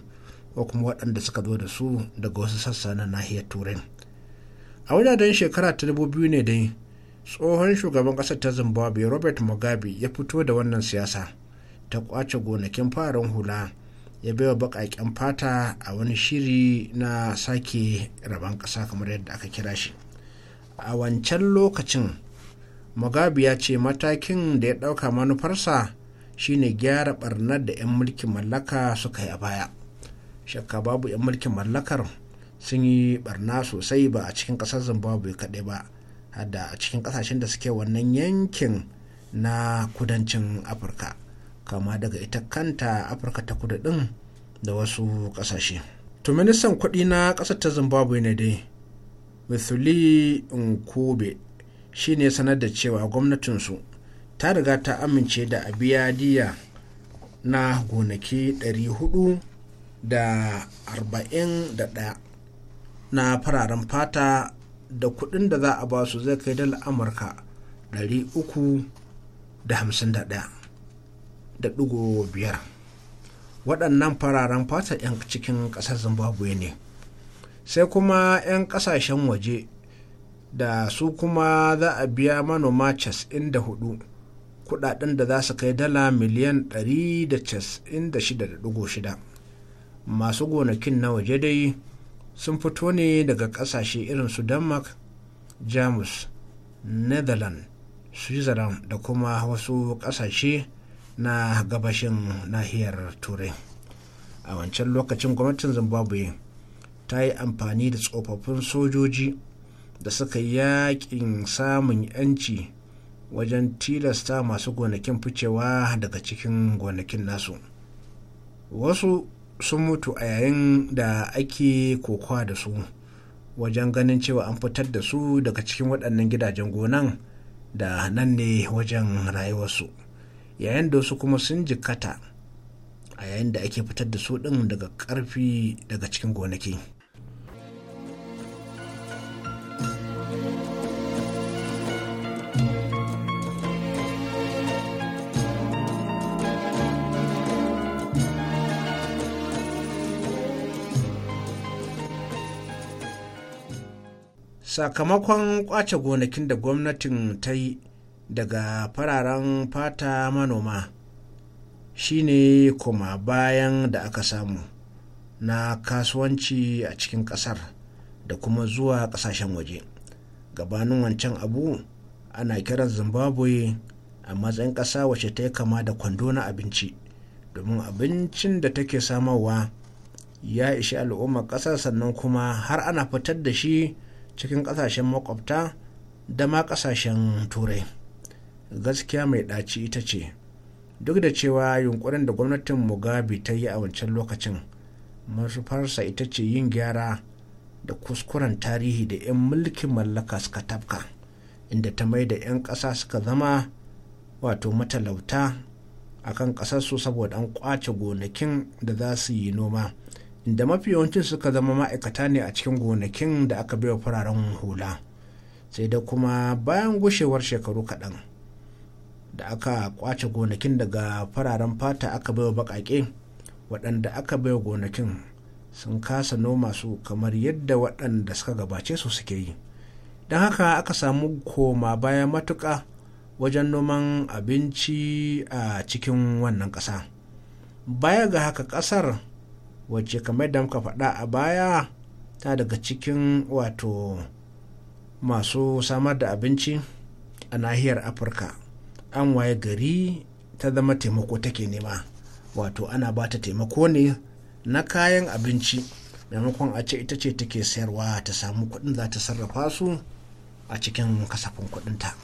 ko kuma waɗanda suka zo da su daga wasu sassa na nahiyar turai a wajen shekara ta dubu biyu ne dai tsohon shugaban ƙasar ta zimbabwe robert mugabe ya fito da wannan siyasa ta kwace gonakin fararen hula ya baiwa baƙaƙen fata a wani shiri na sake rabon ƙasa kamar yadda aka kira shi a wancan lokacin mugabe ya ce matakin da ya ɗauka manufarsa shine gyara barnar da 'yan mulkin mallaka suka yi a baya shakka babu 'yan mulkin mallakar sun yi barna sosai ba a cikin ƙasar zimbabwe kaɗai ba hada a cikin ƙasashen da suke wannan yankin na kudancin afirka kama daga ita kanta afirka ta kudu din da wasu kasashe to ministan kuɗi na ƙasar ta zimbabwe ne dai mithuli nkube shi ne sanar da cewa gwamnatinsu ta riga ta amince da a biya diya na gonaki 441 na fararen fata da kuɗin da za a ba su zai kai dala amurka 351 da ɗigo biyar waɗannan fararen fata 'yan cikin ƙasar zimbabwe ne sai kuma 'yan ƙasashen waje da su kuma za a biya manoma cas inda hudu kudaden da za su kai dala miliyan 196.6 masu gonakin na waje dai sun fito ne daga ƙasashe irin su denmark jamus netherlands switzerland da kuma wasu ƙasashe. na gabashin nahiyar turai a wancan lokacin gwamnatin zimbabwe ta yi amfani da tsofaffin sojoji da suka yakin samun yanci wajen tilasta masu gonakin ficewa daga cikin gonakin nasu wasu sun mutu a yayin da ake kokowa da su wajen ganin cewa an fitar da su daga cikin waɗannan gidajen gonan da nan ne wajen rayuwarsu yayin da wasu kuma sun jikata a yayin da ake fitar da su ɗin daga ƙarfi daga cikin gonaki. sakamakon kwace gonakin da gwamnatin ta yi daga fararen fata manoma shi ne koma bayan da aka samu na kasuwanci a cikin ƙasar da kuma zuwa ƙasashen waje gabanin wancan abu ana kiran zimbabwe a matsayin ƙasa wace ta yi kama da kwando na abinci domin abincin da take samarwa ya ishi al'ummar ƙasar sannan kuma har ana fitar da shi cikin ƙasashen makwabta da ma ƙasashen turai gaskiya mai ɗaci ita ce duk da cewa yunkurin da gwamnatin mugabe ta yi a wancan lokacin manufarsa ita ce yin gyara da kuskuren tarihi da 'yan mulkin mallaka suka tafka inda ta mai da 'yan ƙasa suka zama wato matalauta a kan ƙasarsu saboda an ƙwace gonakin da za su yi noma inda mafi yawancin suka zama ma'aikata ne a cikin gonakin da aka baiwa fararen hula sai da kuma bayan gushewar shekaru kaɗan da aka kwace gonakin daga fararen fata aka baiwa baƙaƙe waɗanda aka baiwa gonakin sun kasa noma su kamar yadda waɗanda suka gabace su suke yi don haka aka samu koma baya matuƙa wajen noman abinci a cikin wannan ƙasa baya ga haka ƙasar wacce kamar da muka faɗa a baya ta daga cikin wato masu samar da abinci a nahiyar afirka an waye gari ta zama taimako take nema wato ana ba ta taimako ne na kayan abinci maimakon a ce ita ce take sayarwa ta samu kuɗin za ta sarrafa su a cikin kasafin kuɗinta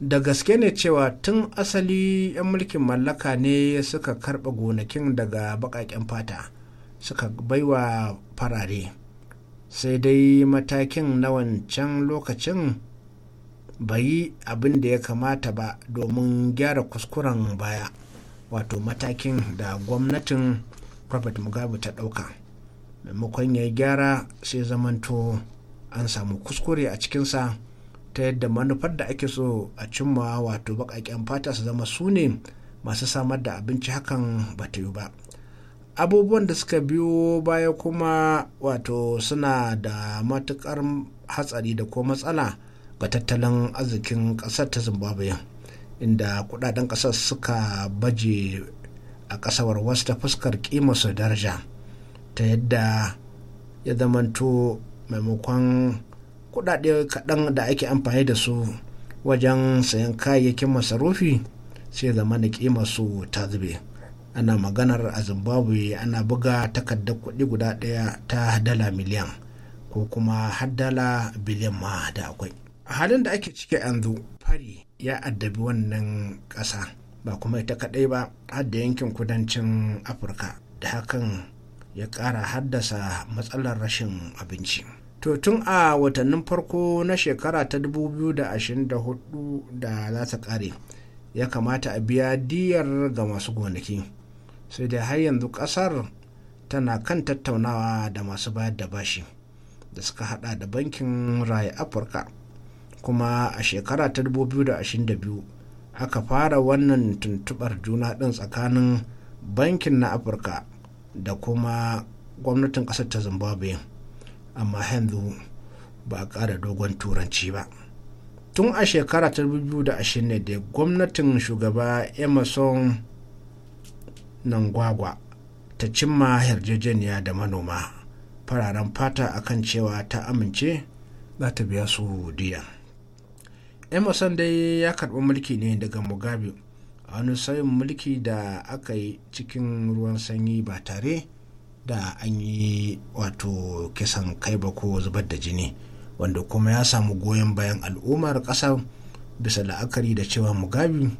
da gaske ne cewa tun asali 'yan mulkin mallaka ne suka karɓa gonakin daga baƙaƙen fata suka baiwa farare sai dai matakin na wancan lokacin bai yi abin da ya kamata ba domin gyara kuskuren baya wato matakin da gwamnatin prophet mugabe ta dauka maimakon ya gyara sai zamanto an samu kuskure a cikinsa ta yadda manufar da ake so a cimma wato baƙaƙen fata su zama su ne masu samar da abinci hakan ba ta yi ba abubuwan da suka biyo baya kuma wato suna da matukar hatsari da ko matsala ga tattalin arzikin ƙasar ta zimbabwe inda kudaden ƙasar suka baje a ƙasawar wasu ta fuskar su daraja ta yadda ya zamanto maimakon kudade kaɗan da ake amfani da su wajen sayan kayayyakin masarufi sai zama da su ta zube ana maganar a zimbabwe ana buga takardar kuɗi guda ɗaya ta dala miliyan ko kuma har dala biliyan ma da akwai a halin da ake ciki yanzu fari ya addabi wannan ƙasa ba kuma ita kaɗai ba har da yankin kudancin afirka da hakan ya ƙara haddasa matsalar rashin abinci to tun a watannin farko na shekara ta 2024 da za ta ƙare ya kamata a biya diyar ga masu gonaki sai da har yanzu ƙasar tana kan tattaunawa da masu bayar da bashi da suka hada da bankin raya afirka kuma a shekara ta 2022 aka fara wannan tuntubar juna ɗin tsakanin bankin na afirka da kuma gwamnatin ƙasar ta zimbabwe amma yanzu ba a ƙara dogon turanci ba tun a shekara ta 2020 da gwamnatin shugaba emerson nangwagwa ta cimma yarjejeniya da manoma fararen fata akan cewa ta amince za ta biya su diyan. emerson dai ya karɓi mulki ne daga mugabe a wani sauyin mulki da aka yi cikin ruwan sanyi ba tare da an yi wato kisan kai ba ko zubar da jini wanda kuma ya samu goyon bayan al'ummar ƙasa bisa la'akari da cewa mugabe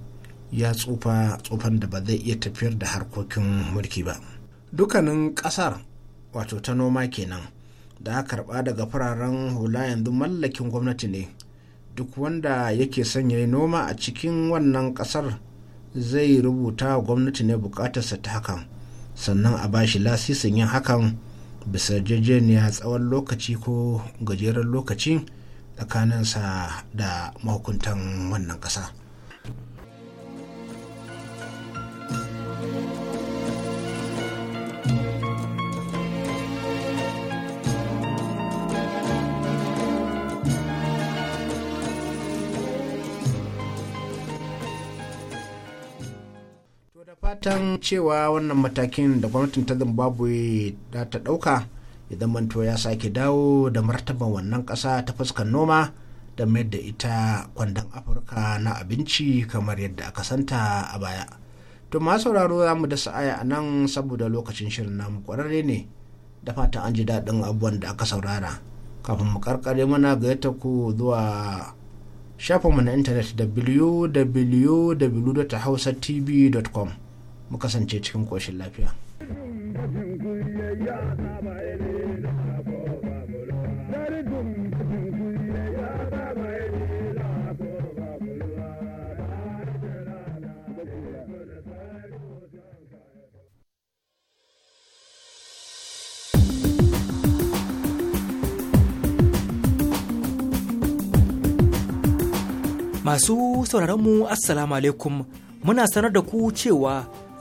ya tsufa tsufan da ba zai iya tafiyar da harkokin mulki ba dukkanin ƙasar wato ta noma kenan da karɓa daga fararen hula yanzu mallakin gwamnati ne duk wanda yake son ya yi noma a cikin wannan kasar zai rubuta gwamnati ne bukatarsa ta hakan sannan a bashi lasisin yin hakan bisa jejeniya tsawon lokaci ko gajeren lokaci tsakaninsa da mahukuntan wannan ƙasa. fatan cewa wannan matakin da gwamnatin ta zimbabwe ta dauka idan mantuwa ya sake dawo da martaban wannan kasa ta fuskar noma da mayar da ita kwandon afirka na abinci kamar yadda aka santa a baya to ma sauraro za mu da sa'aya a nan saboda lokacin shirin namu kwararre ne da fatan an ji daɗin abubuwan da aka saurara kafin mu karkare mana gayyata ku zuwa shafinmu na intanet www.hausatv.com mu kasance cikin koshin lafiya. Masu sauraronmu Assalamu alaikum muna sanar da ku cewa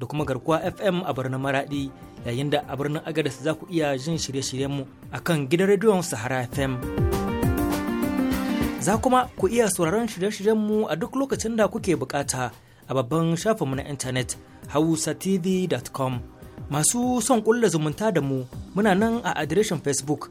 da kuma garkuwa FM a birnin Maradi yayin da a birnin Agadez za ku iya jin shirye-shiryenmu a kan gidan rediyon Sahara FM. Za kuma ku iya sauraron shirye-shiryenmu a duk lokacin da kuke bukata a babban shafinmu na intanet hausatv.com. Masu son kulla zumunta da mu muna nan a adireshin Facebook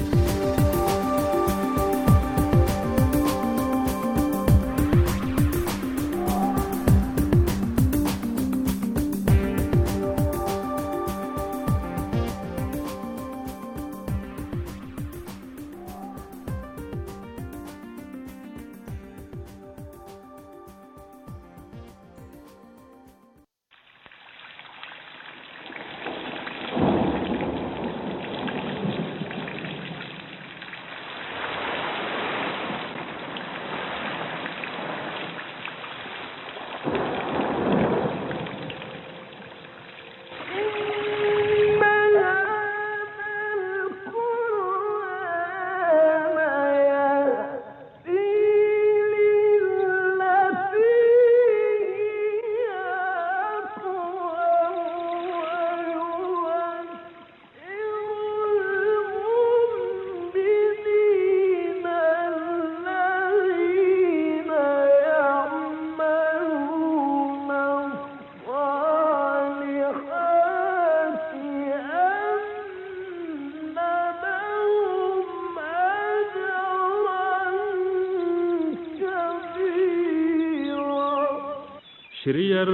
shiryar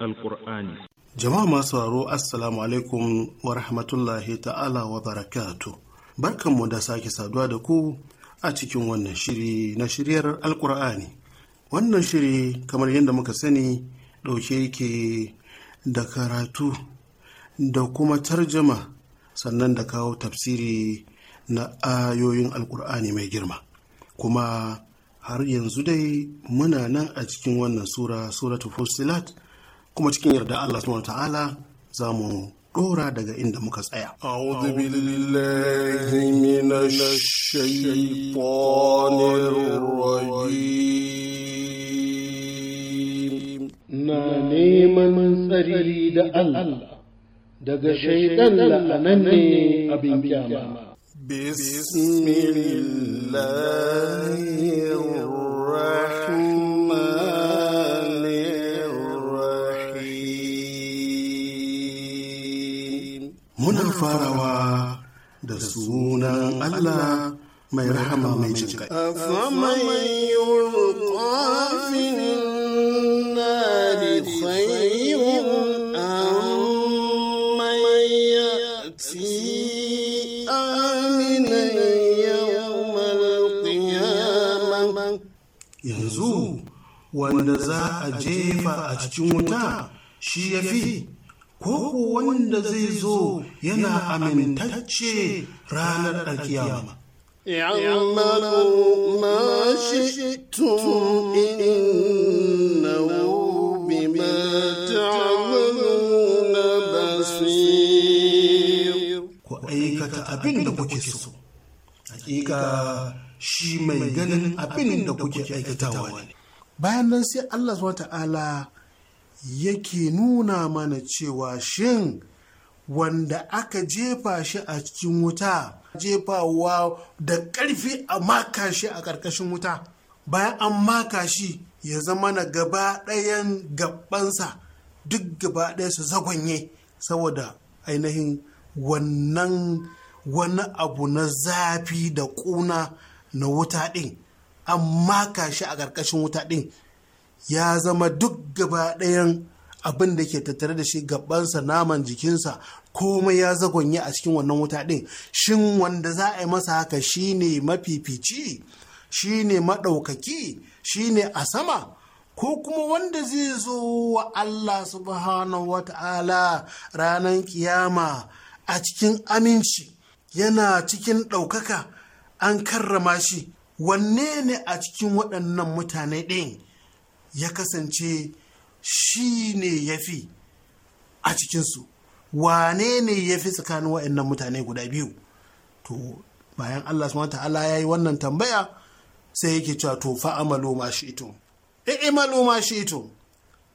alkur'ani jama'a masu sauraro assalamu alaikum wa rahmatullahi ta'ala wa barakatu barkanmu da sake saduwa da ku a cikin wannan shiri na shiryar alkur'ani wannan shiri kamar yadda muka sani ɗauke yake da karatu da kuma tarjama sannan da kawo tafsiri na ayoyin alkur'ani mai girma kuma har yanzu dai muna nan a cikin wannan sura suratul fusilat kuma cikin yarda Allah subhanahu ta'ala za mu dora daga inda muka tsaya a'udhu billahi minash shaitanir rajim na neman tsari da Allah daga shaitan la'ananne abin kyama بسم الله الرحمن الرحيم منا فاروا دسونا الله ما يرحم من جنك أفمن يلقى في النار Wanda za a jefa a cikin wuta shi ya fi, ko wanda zai zo yana amintacce ranar alƙiyama. Yan da masu aikata abin da ku so? Ake shi mai ganin abin da kuke aikatawa ne? bayan nan sai Allah ta'ala yake nuna mana cewa shin wanda aka jefa shi a cikin wuta jefawa da ƙarfi a maka shi a ƙarƙashin wuta bayan an maka shi ya zama na gaba ɗayan gabansa duk gaba ɗaya su zagwanye saboda ainihin wannan wani abu na zafi da ƙuna na wuta ɗin amma maka shi a ƙarƙashin wuta ɗin ya zama duk gaba ɗayan abin da ke tattare da shi gabansa naman jikinsa komai ya zagonye a cikin wannan wuta ɗin shin wanda za a yi masa haka shine mafifici shine maɗaukaki shine a sama ko kuma wanda zai zo wa Allah subhanahu wa ta'ala ranar kiyama a cikin aminci yana cikin ɗaukaka an karrama shi wanne ne a cikin waɗannan mutane ɗin ya kasance shi ne ya fi a cikinsu wane ne ya fi tsakanin waɗannan mutane guda biyu to bayan allah subhanahu ta'ala ya yi wannan tambaya sai yake cewa to fa'amalu ma shi'tum i'malu ma ito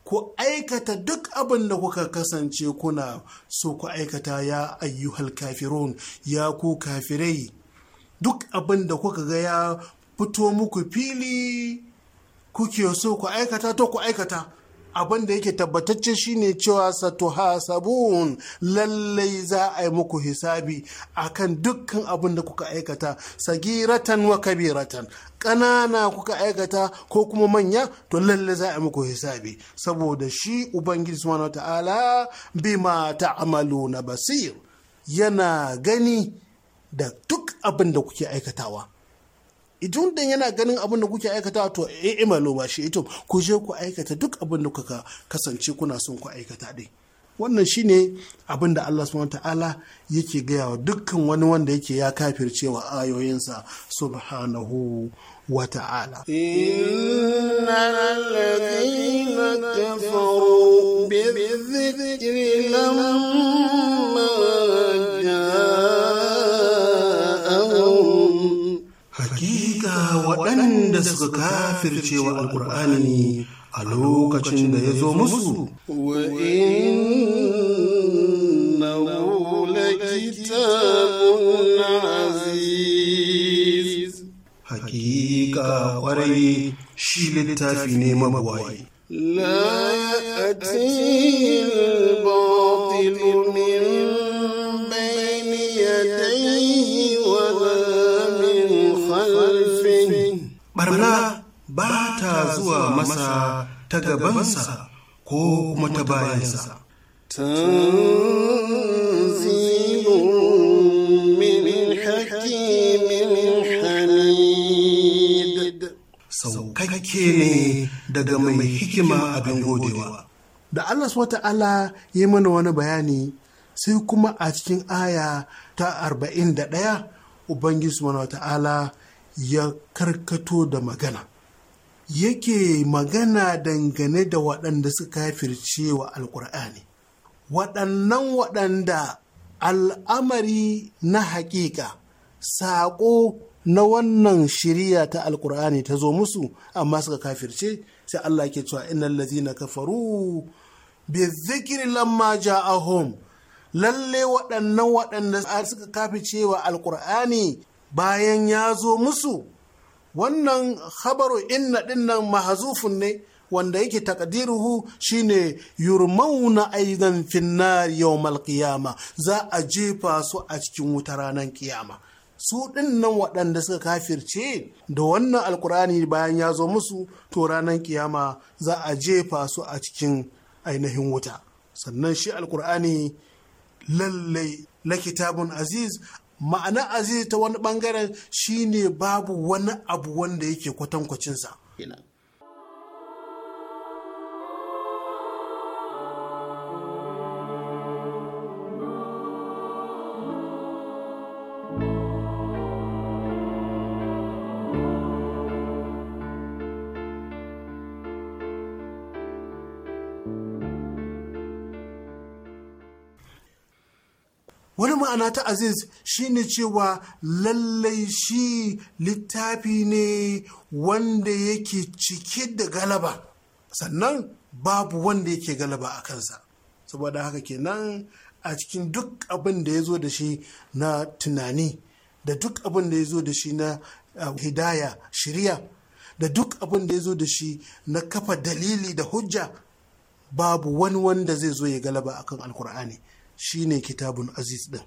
ku aikata duk abin da kuka kasance kuna so ku aikata ya ayyuhal kafirun ya ku kafirai duk abin da kuka ga ya fito muku fili kuke so ku aikata to ku aikata abin da yake tabbatacce shine cewa sato sabon lallai za a yi muku hisabi akan dukkan abin da kuka aikata sagiratan wa kabiratan ƙanana kuka aikata ko kuma manya to lallai za a yi muku hisabi saboda shi ubangiji subhanahu ta'ala bima na basir yana gani da duk abin da kuke aikatawa idan da yana ganin abin da kuke aikatawa to e eh, imalo eh, ba shi ito ku je ku aikata duk abin da kuka kasance kuna son ku aikata dai wannan shine abin da Allah subhanahu ta'ala yake gaya wa dukkan wani wanda yake ya wa ayoyinsa subhanahu wa ta'ala innal waɗanda suka kafirce wa a lokacin da ya zo musu Hakika kwarai shi littafi ne mabuwayi. La ya ba ta zuwa masa ta gabansa ko kuma ta bayansa. Saukakke ne daga mai hikima abin godewa. Da Allah wata'ala ya mana wani bayani sai kuma a cikin aya ta arba'in da ɗaya Ubangiji Subhanahu wata'ala ya karkato da magana yake magana dangane da waɗanda suka kafirce wa Alƙur'ani. waɗannan waɗanda al'amari na haƙiƙa saƙo na wannan shirya ta Alƙur'ani ta zo musu amma suka kafirce sai Allah ke cewa innal ladzina kafaru bi dhikri lamma ja'ahum lalle waɗannan waɗanda suka kafirce wa Alƙur'ani. bayan ya zo musu wannan habaru inna dinnan mahazufun ne wanda yake takadiruhu shine yurmauna aidan finnar yawmal qiyama za a jefa su a cikin wuta ranar kiyama su dinnan waɗanda suka kafirce da wannan alkurani bayan ya zo musu to ranar kiyama za a jefa su a cikin ainihin wuta sannan shi alkur'ani lallai la kitabun aziz ma'ana aziz ta wani bangaren shine babu wani abu wanda yake kwatankwacinsa ma'ana ta aziz shine cewa lallai shi littafi ne wanda yake cike da galaba sannan babu wanda yake galaba a kansa saboda haka kenan a cikin duk abin da ya zo da shi na tunani da duk abin da ya zo da shi na hidaya shirya da duk abin da ya zo da shi na kafa dalili da hujja babu wani wanda zai zo ya galaba akan alkur'ani shine kitabun aziz din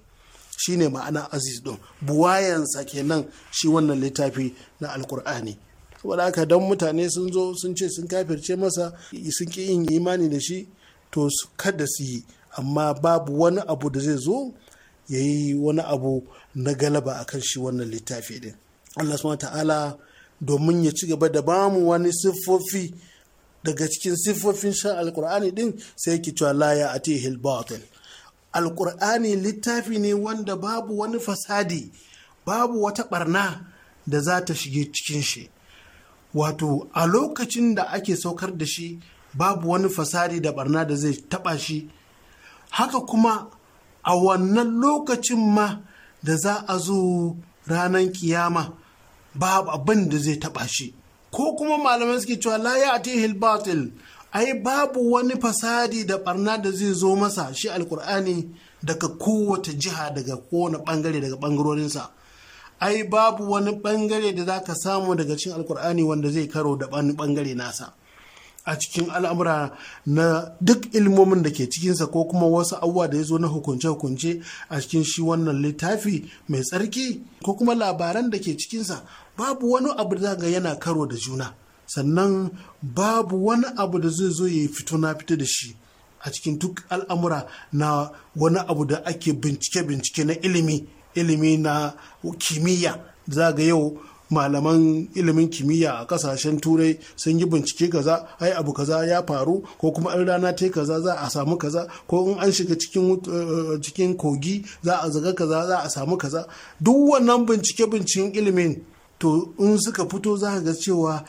shine ma'ana aziz din buwayansa kenan shi wannan littafi na alkur'ani saboda haka don mutane sun zo sun ce sun kafirce masa sun ki yin imani da shi to kada su yi amma babu wani abu da zai zo ya yi wani abu na galaba akan shi wannan littafi din allah subhanahu ta'ala domin ya ci gaba da bamu wani siffofi daga cikin siffofin shan alkur'ani din sai ki cewa la ya hil batil Alƙur'ani littafi ne wanda babu wani fasadi babu wata barna da za ta shige cikin shi wato a lokacin da ake saukar da shi babu wani fasadi da barna da zai taba shi haka kuma a wannan lokacin ma da za a zo ranar kiyama babu abin da zai taba shi ko kuma malamai suke cewa la ya batil ai babu wani fasadi da barna da zai zo masa shi alkur'ani daga kowace jiha daga kowane bangare daga bangarorinsa ai babu wani bangare da za ka samu daga cin alkur'ani wanda zai karo da wani bangare nasa a cikin al'amura na duk ilmomin da ke cikinsa ko kuma wasu abubuwa da ya zo na hukunce-hukunce a cikin shi wannan littafi mai tsarki ko kuma labaran da ke cikinsa babu wani abu da ga yana karo da juna sannan babu wani abu da zai zo ya fito na fito da shi a cikin duk al'amura na wani abu da ake bincike-bincike na ilimi ilimi na kimiyya za ga yau malaman ilimin kimiyya a kasashen turai sun yi bincike kaza ai abu kaza ya faru ko kuma an rana ta kaza za a samu kaza ko in an shiga cikin eh, cikin kogi za a zaga kaza za a samu kaza duk wannan bincike binciken ilimin to in suka fito za ga cewa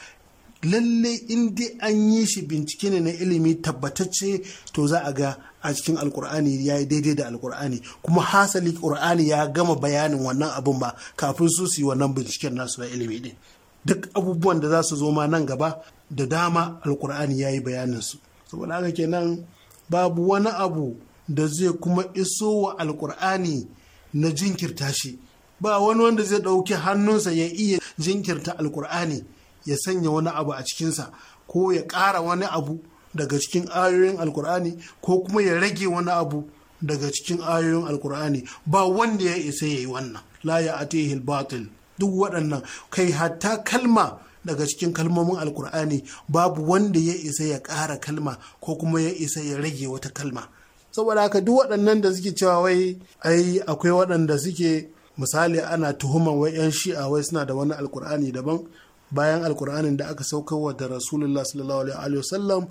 lalle in dai an yi shi bincike ne na ilimi tabbatacce to za a ga a cikin alkur'ani ya yi daidai da alkur'ani kuma hasali qur'ani ya gama bayanin wannan abun ba kafin su su yi wannan binciken nasu na ilimi din duk abubuwan da za su zo ma nan gaba da dama alkur'ani ya yi bayanin su saboda haka kenan babu wani abu da zai kuma iso wa alkur'ani na jinkirta shi ba wani wanda zai ɗauki hannunsa ya iya jinkirta alkur'ani ya sanya wani abu a cikinsa ko ya ƙara wani abu daga cikin ayoyin alkur'ani ko kuma ya rage wani abu daga cikin ayoyin alkur'ani ba wanda ya isa ya yi wannan la ya atihil batil duk waɗannan kai hatta kalma daga cikin kalmomin alkur'ani babu wanda ya isa ya ƙara kalma ko kuma ya isa ya rage wata kalma saboda haka duk waɗannan da suke cewa wai ai akwai waɗanda suke misali ana tuhuman wai 'yan shi'a wai suna da wani alkur'ani daban bayan alkur'anin da aka sauka wa da rasulullah sallallahu alaihi wasallam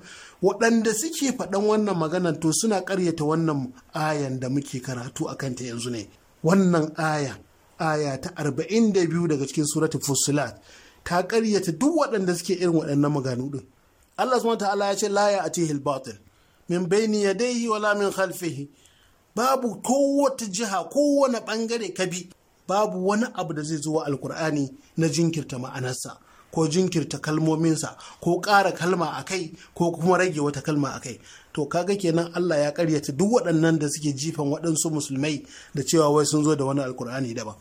waɗanda suke faɗan wannan magana to suna karyata wannan ayan da muke karatu a kanta yanzu ne wannan aya aya ta arba'in da biyu daga cikin suratul fusilat ta karyata duk waɗanda suke irin waɗannan maganu din Allah subhanahu ta'ala ya ce la ya atihil batil min baini yadayhi wala min khalfihi babu kowace jiha kowane bangare bi. babu wani abu da zai zo alkur'ani na jinkirta ma'anarsa ko jinkirta kalmominsa ko ƙara kalma a kai ko kuma rage wata kalma a kai to kaga kenan Allah ya karyata duk waɗannan da suke jifan waɗansu musulmai da cewa wai sun zo da wani alkur'ani daban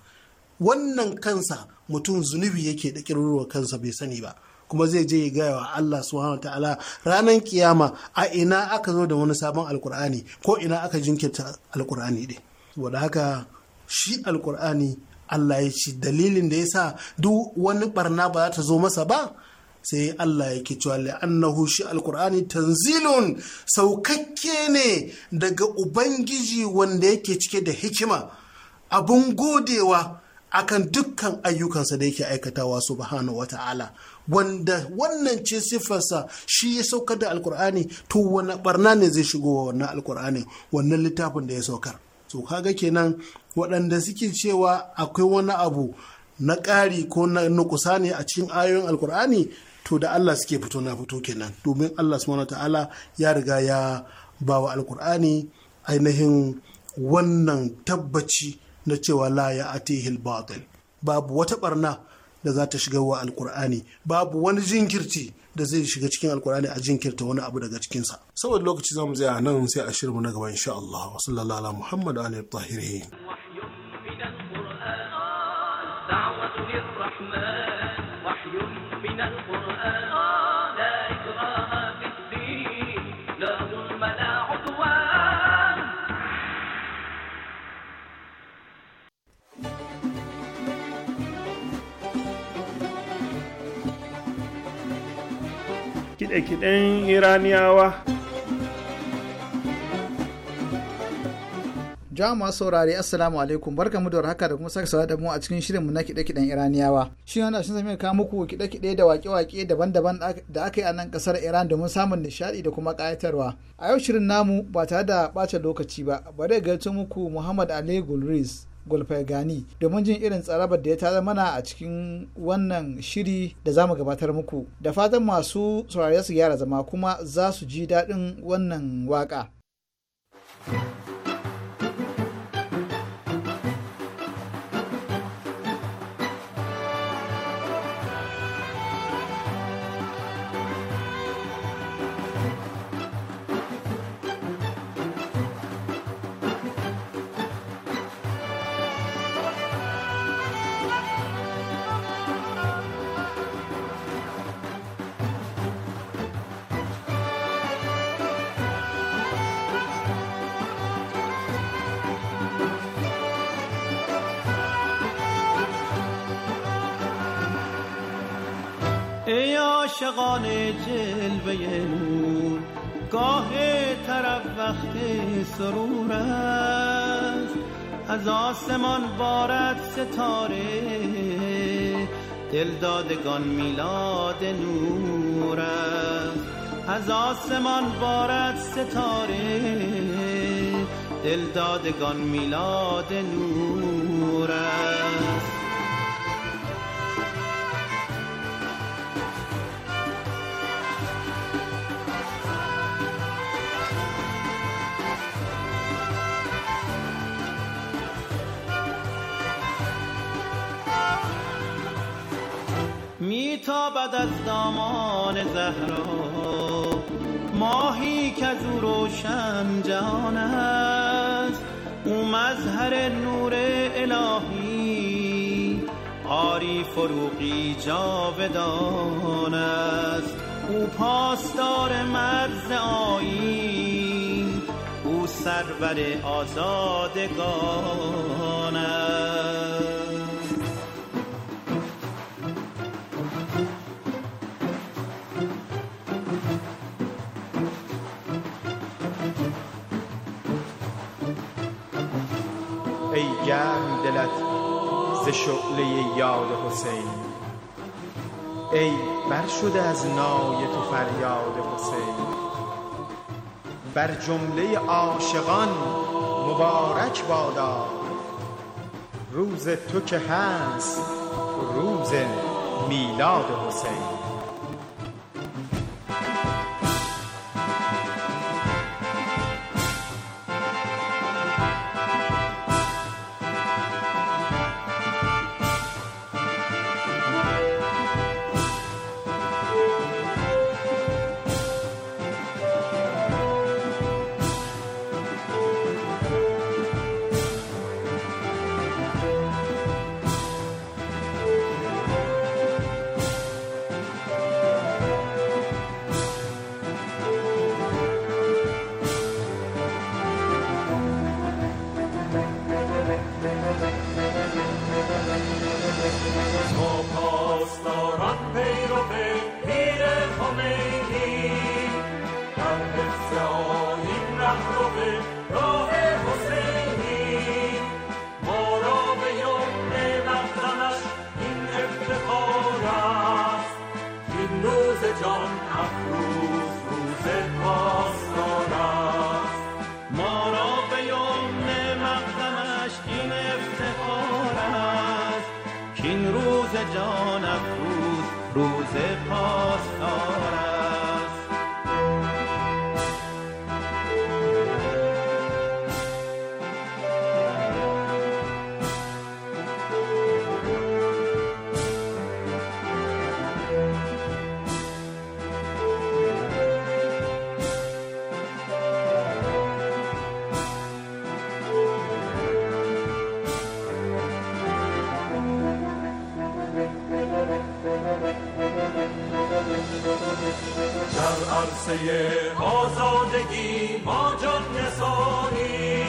wannan kansa mutum zunubi yake da ƙirurwa kansa bai sani ba kuma zai je ya gaya wa Allah subhanahu ta'ala ranar kiyama a ina aka zo da wani sabon alkur'ani ko ina aka jinkirta alkur'ani ɗin saboda haka shi alkur'ani Allah ya ci dalilin da ya sa duk wani barna ba za ta zo masa ba sai Allah ya ke cewa Annahu shi alkur'ani tanzilun saukakke ne daga ubangiji wanda yake cike da hikima abun godewa akan dukkan ayyukansa da yake aikatawa subhanahu wa ta'ala wanda wannan ce siffarsa shi ya saukar da alkur'ani to wani barna ne zai shigo wa wannan alkur'ani wannan littafin da ya saukar to kaga kenan waɗanda suke cewa akwai wani abu na ƙari ko na nukusa ne a cikin ayoyin alkur'ani to da Allah suke fito na fito kenan domin Allah subhanahu ta'ala ya riga ya ba wa alkur'ani ainihin wannan tabbaci na cewa la ya atihil batil babu wata barna da za ta shiga wa alkur'ani babu wani jinkirci da zai shiga cikin alkur'ani a jinkirta wani abu daga cikinsa saboda lokaci zamu a nan sai a shirmu na gaba insha Allah wa sallallahu ala Muhammad alihi tahirin kiɗe-kiɗen iraniyawa jama'a saurari assalamu alaikum barka mu da haka da kuma sake sawa da mu a cikin shirinmu na kiɗe-kiɗen iraniyawa shi yana shin zai kawo muku kiɗe-kiɗe da waƙe-waƙe daban-daban da aka yi a nan ƙasar iran domin samun nishaɗi da kuma kayatarwa. a yau shirin namu ba tare da bace lokaci ba bari gaito muku muhammad ali gulris gani domin jin irin tsarabar da ya tara mana a cikin wannan shiri da za mu gabatar muku da fatan masu saurare su gyara zama kuma za su ji daɗin wannan waƙa. عاشقان جلوه نور گاه طرف وقت سرور است از آسمان بارد ستاره دلدادگان میلاد نور است از آسمان بارد ستاره دلدادگان میلاد نور است میتابد از دامان زهرا ماهی که از او روشن جهان است او مظهر نور الهی آری فروغی جاودان است او پاسدار مرز آیین او سرور آزادگان است ای گرم دلت ز شعله یاد حسین ای بر شده از نای تو فریاد حسین بر جمله عاشقان مبارک بادا روز تو که هست روز میلاد حسین جانم بود روز پاسدارم عرصه آزادگی ما جان نسونی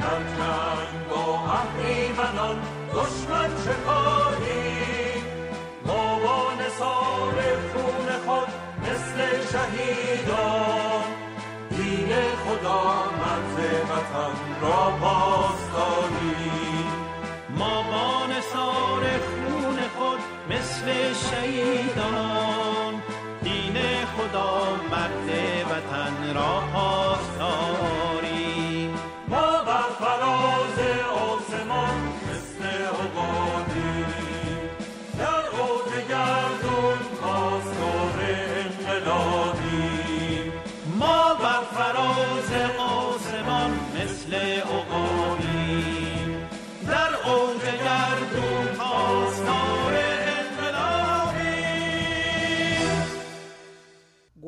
در تن با اهریمنان دشمن شکاری ما با نثار خون خود مثل شهیدان دین خدا مرز وطن را پاسداریم ما با خون خود مثل شهیدان خدا مرد وطن را پاسدار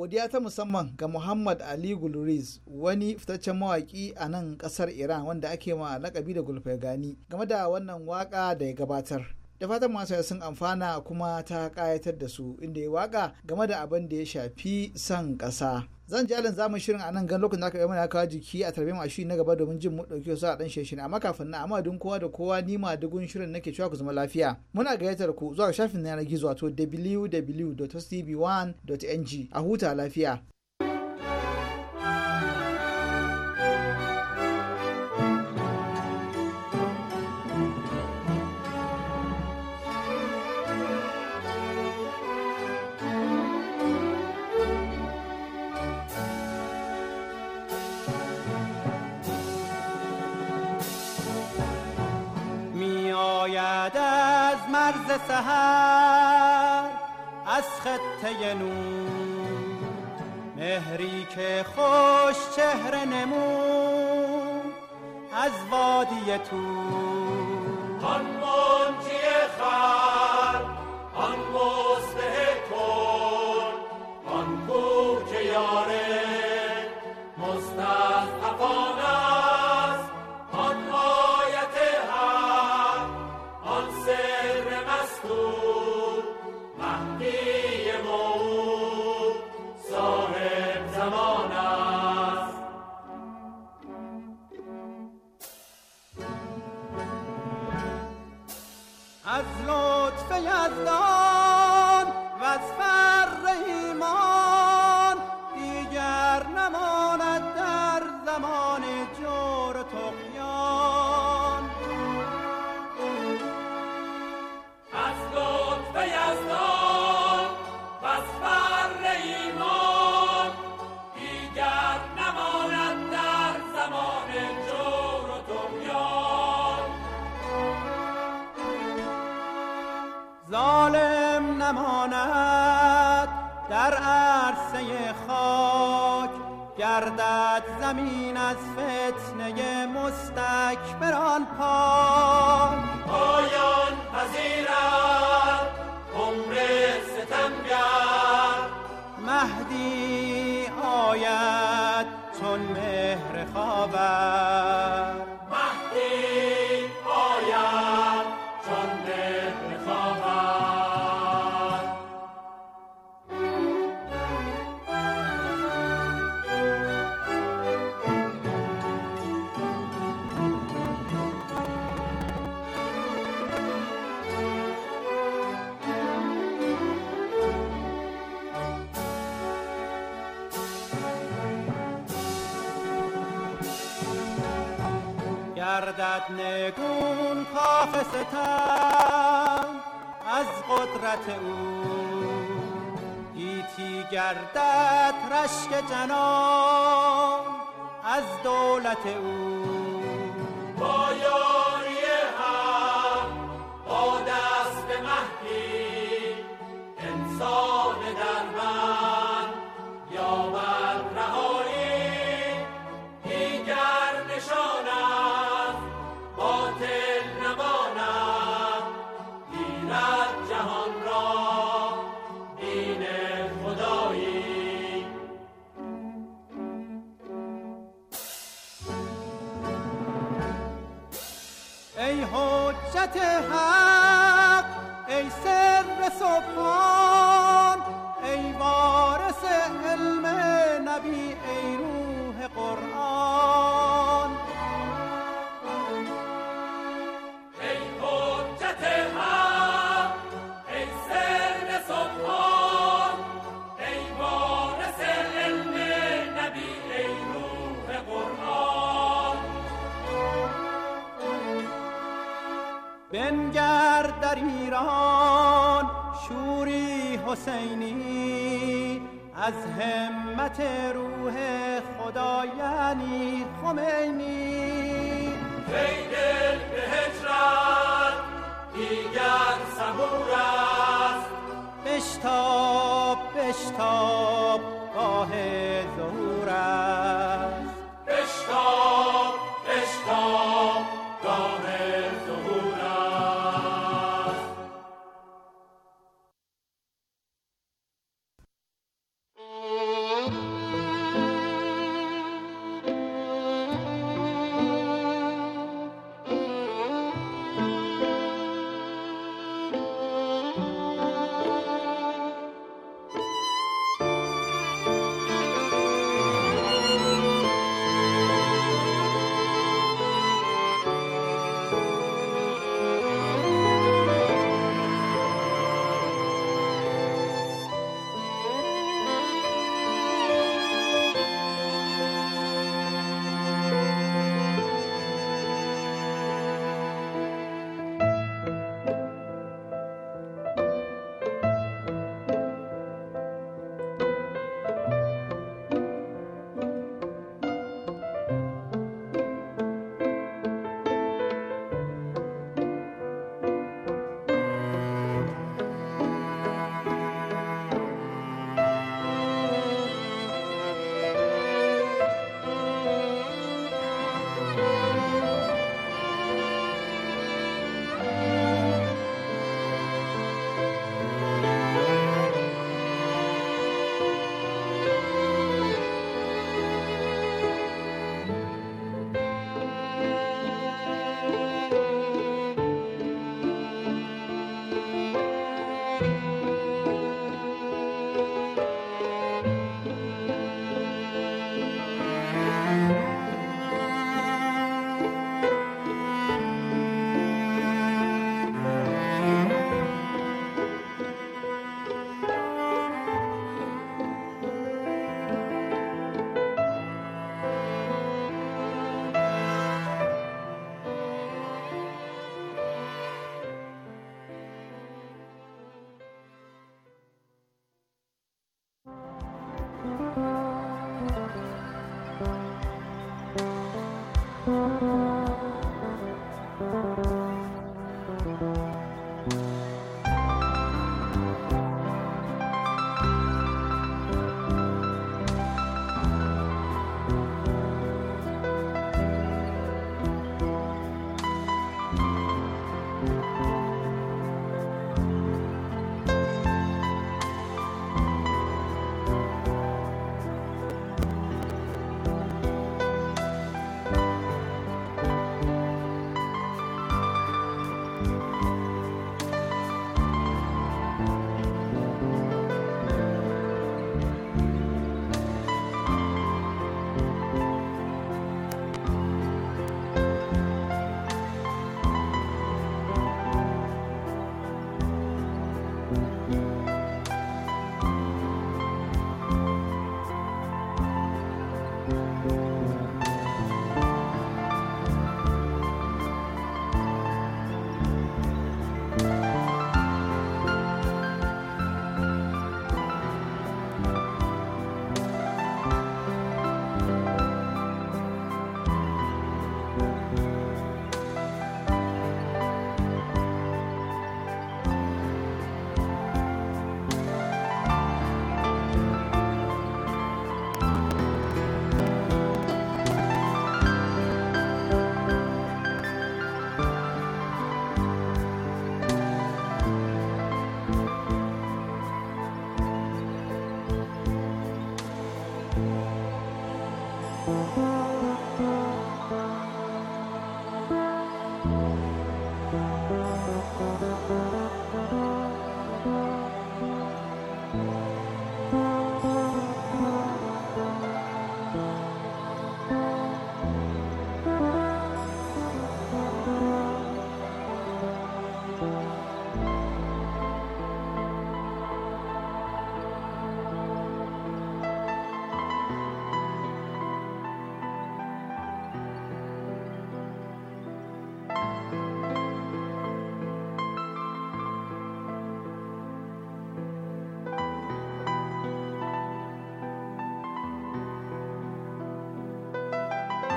godiya ta musamman ga muhammad ali gulriz wani fitaccen mawaki a nan kasar iran wanda ake ma lakabi da gani game da wannan waka da ya gabatar da fatan masu sun amfana kuma ta kayatar da su inda ya waka game da abin da ya shafi son ƙasa zan ji alin zamun shirin a nan gan lokacin da aka yi mana kawo jiki a tarbe a na gaba domin jin mu ɗauki su a ɗan sheshin amma kafin na amma dun kowa da kowa ni ma dugun shirin nake cewa ku zama lafiya muna gayyatar ku zuwa shafin na yanar gizo wato www.tv1.ng a huta lafiya. سحر از خطه نور مهری که خوش چهره نمون از وادی تو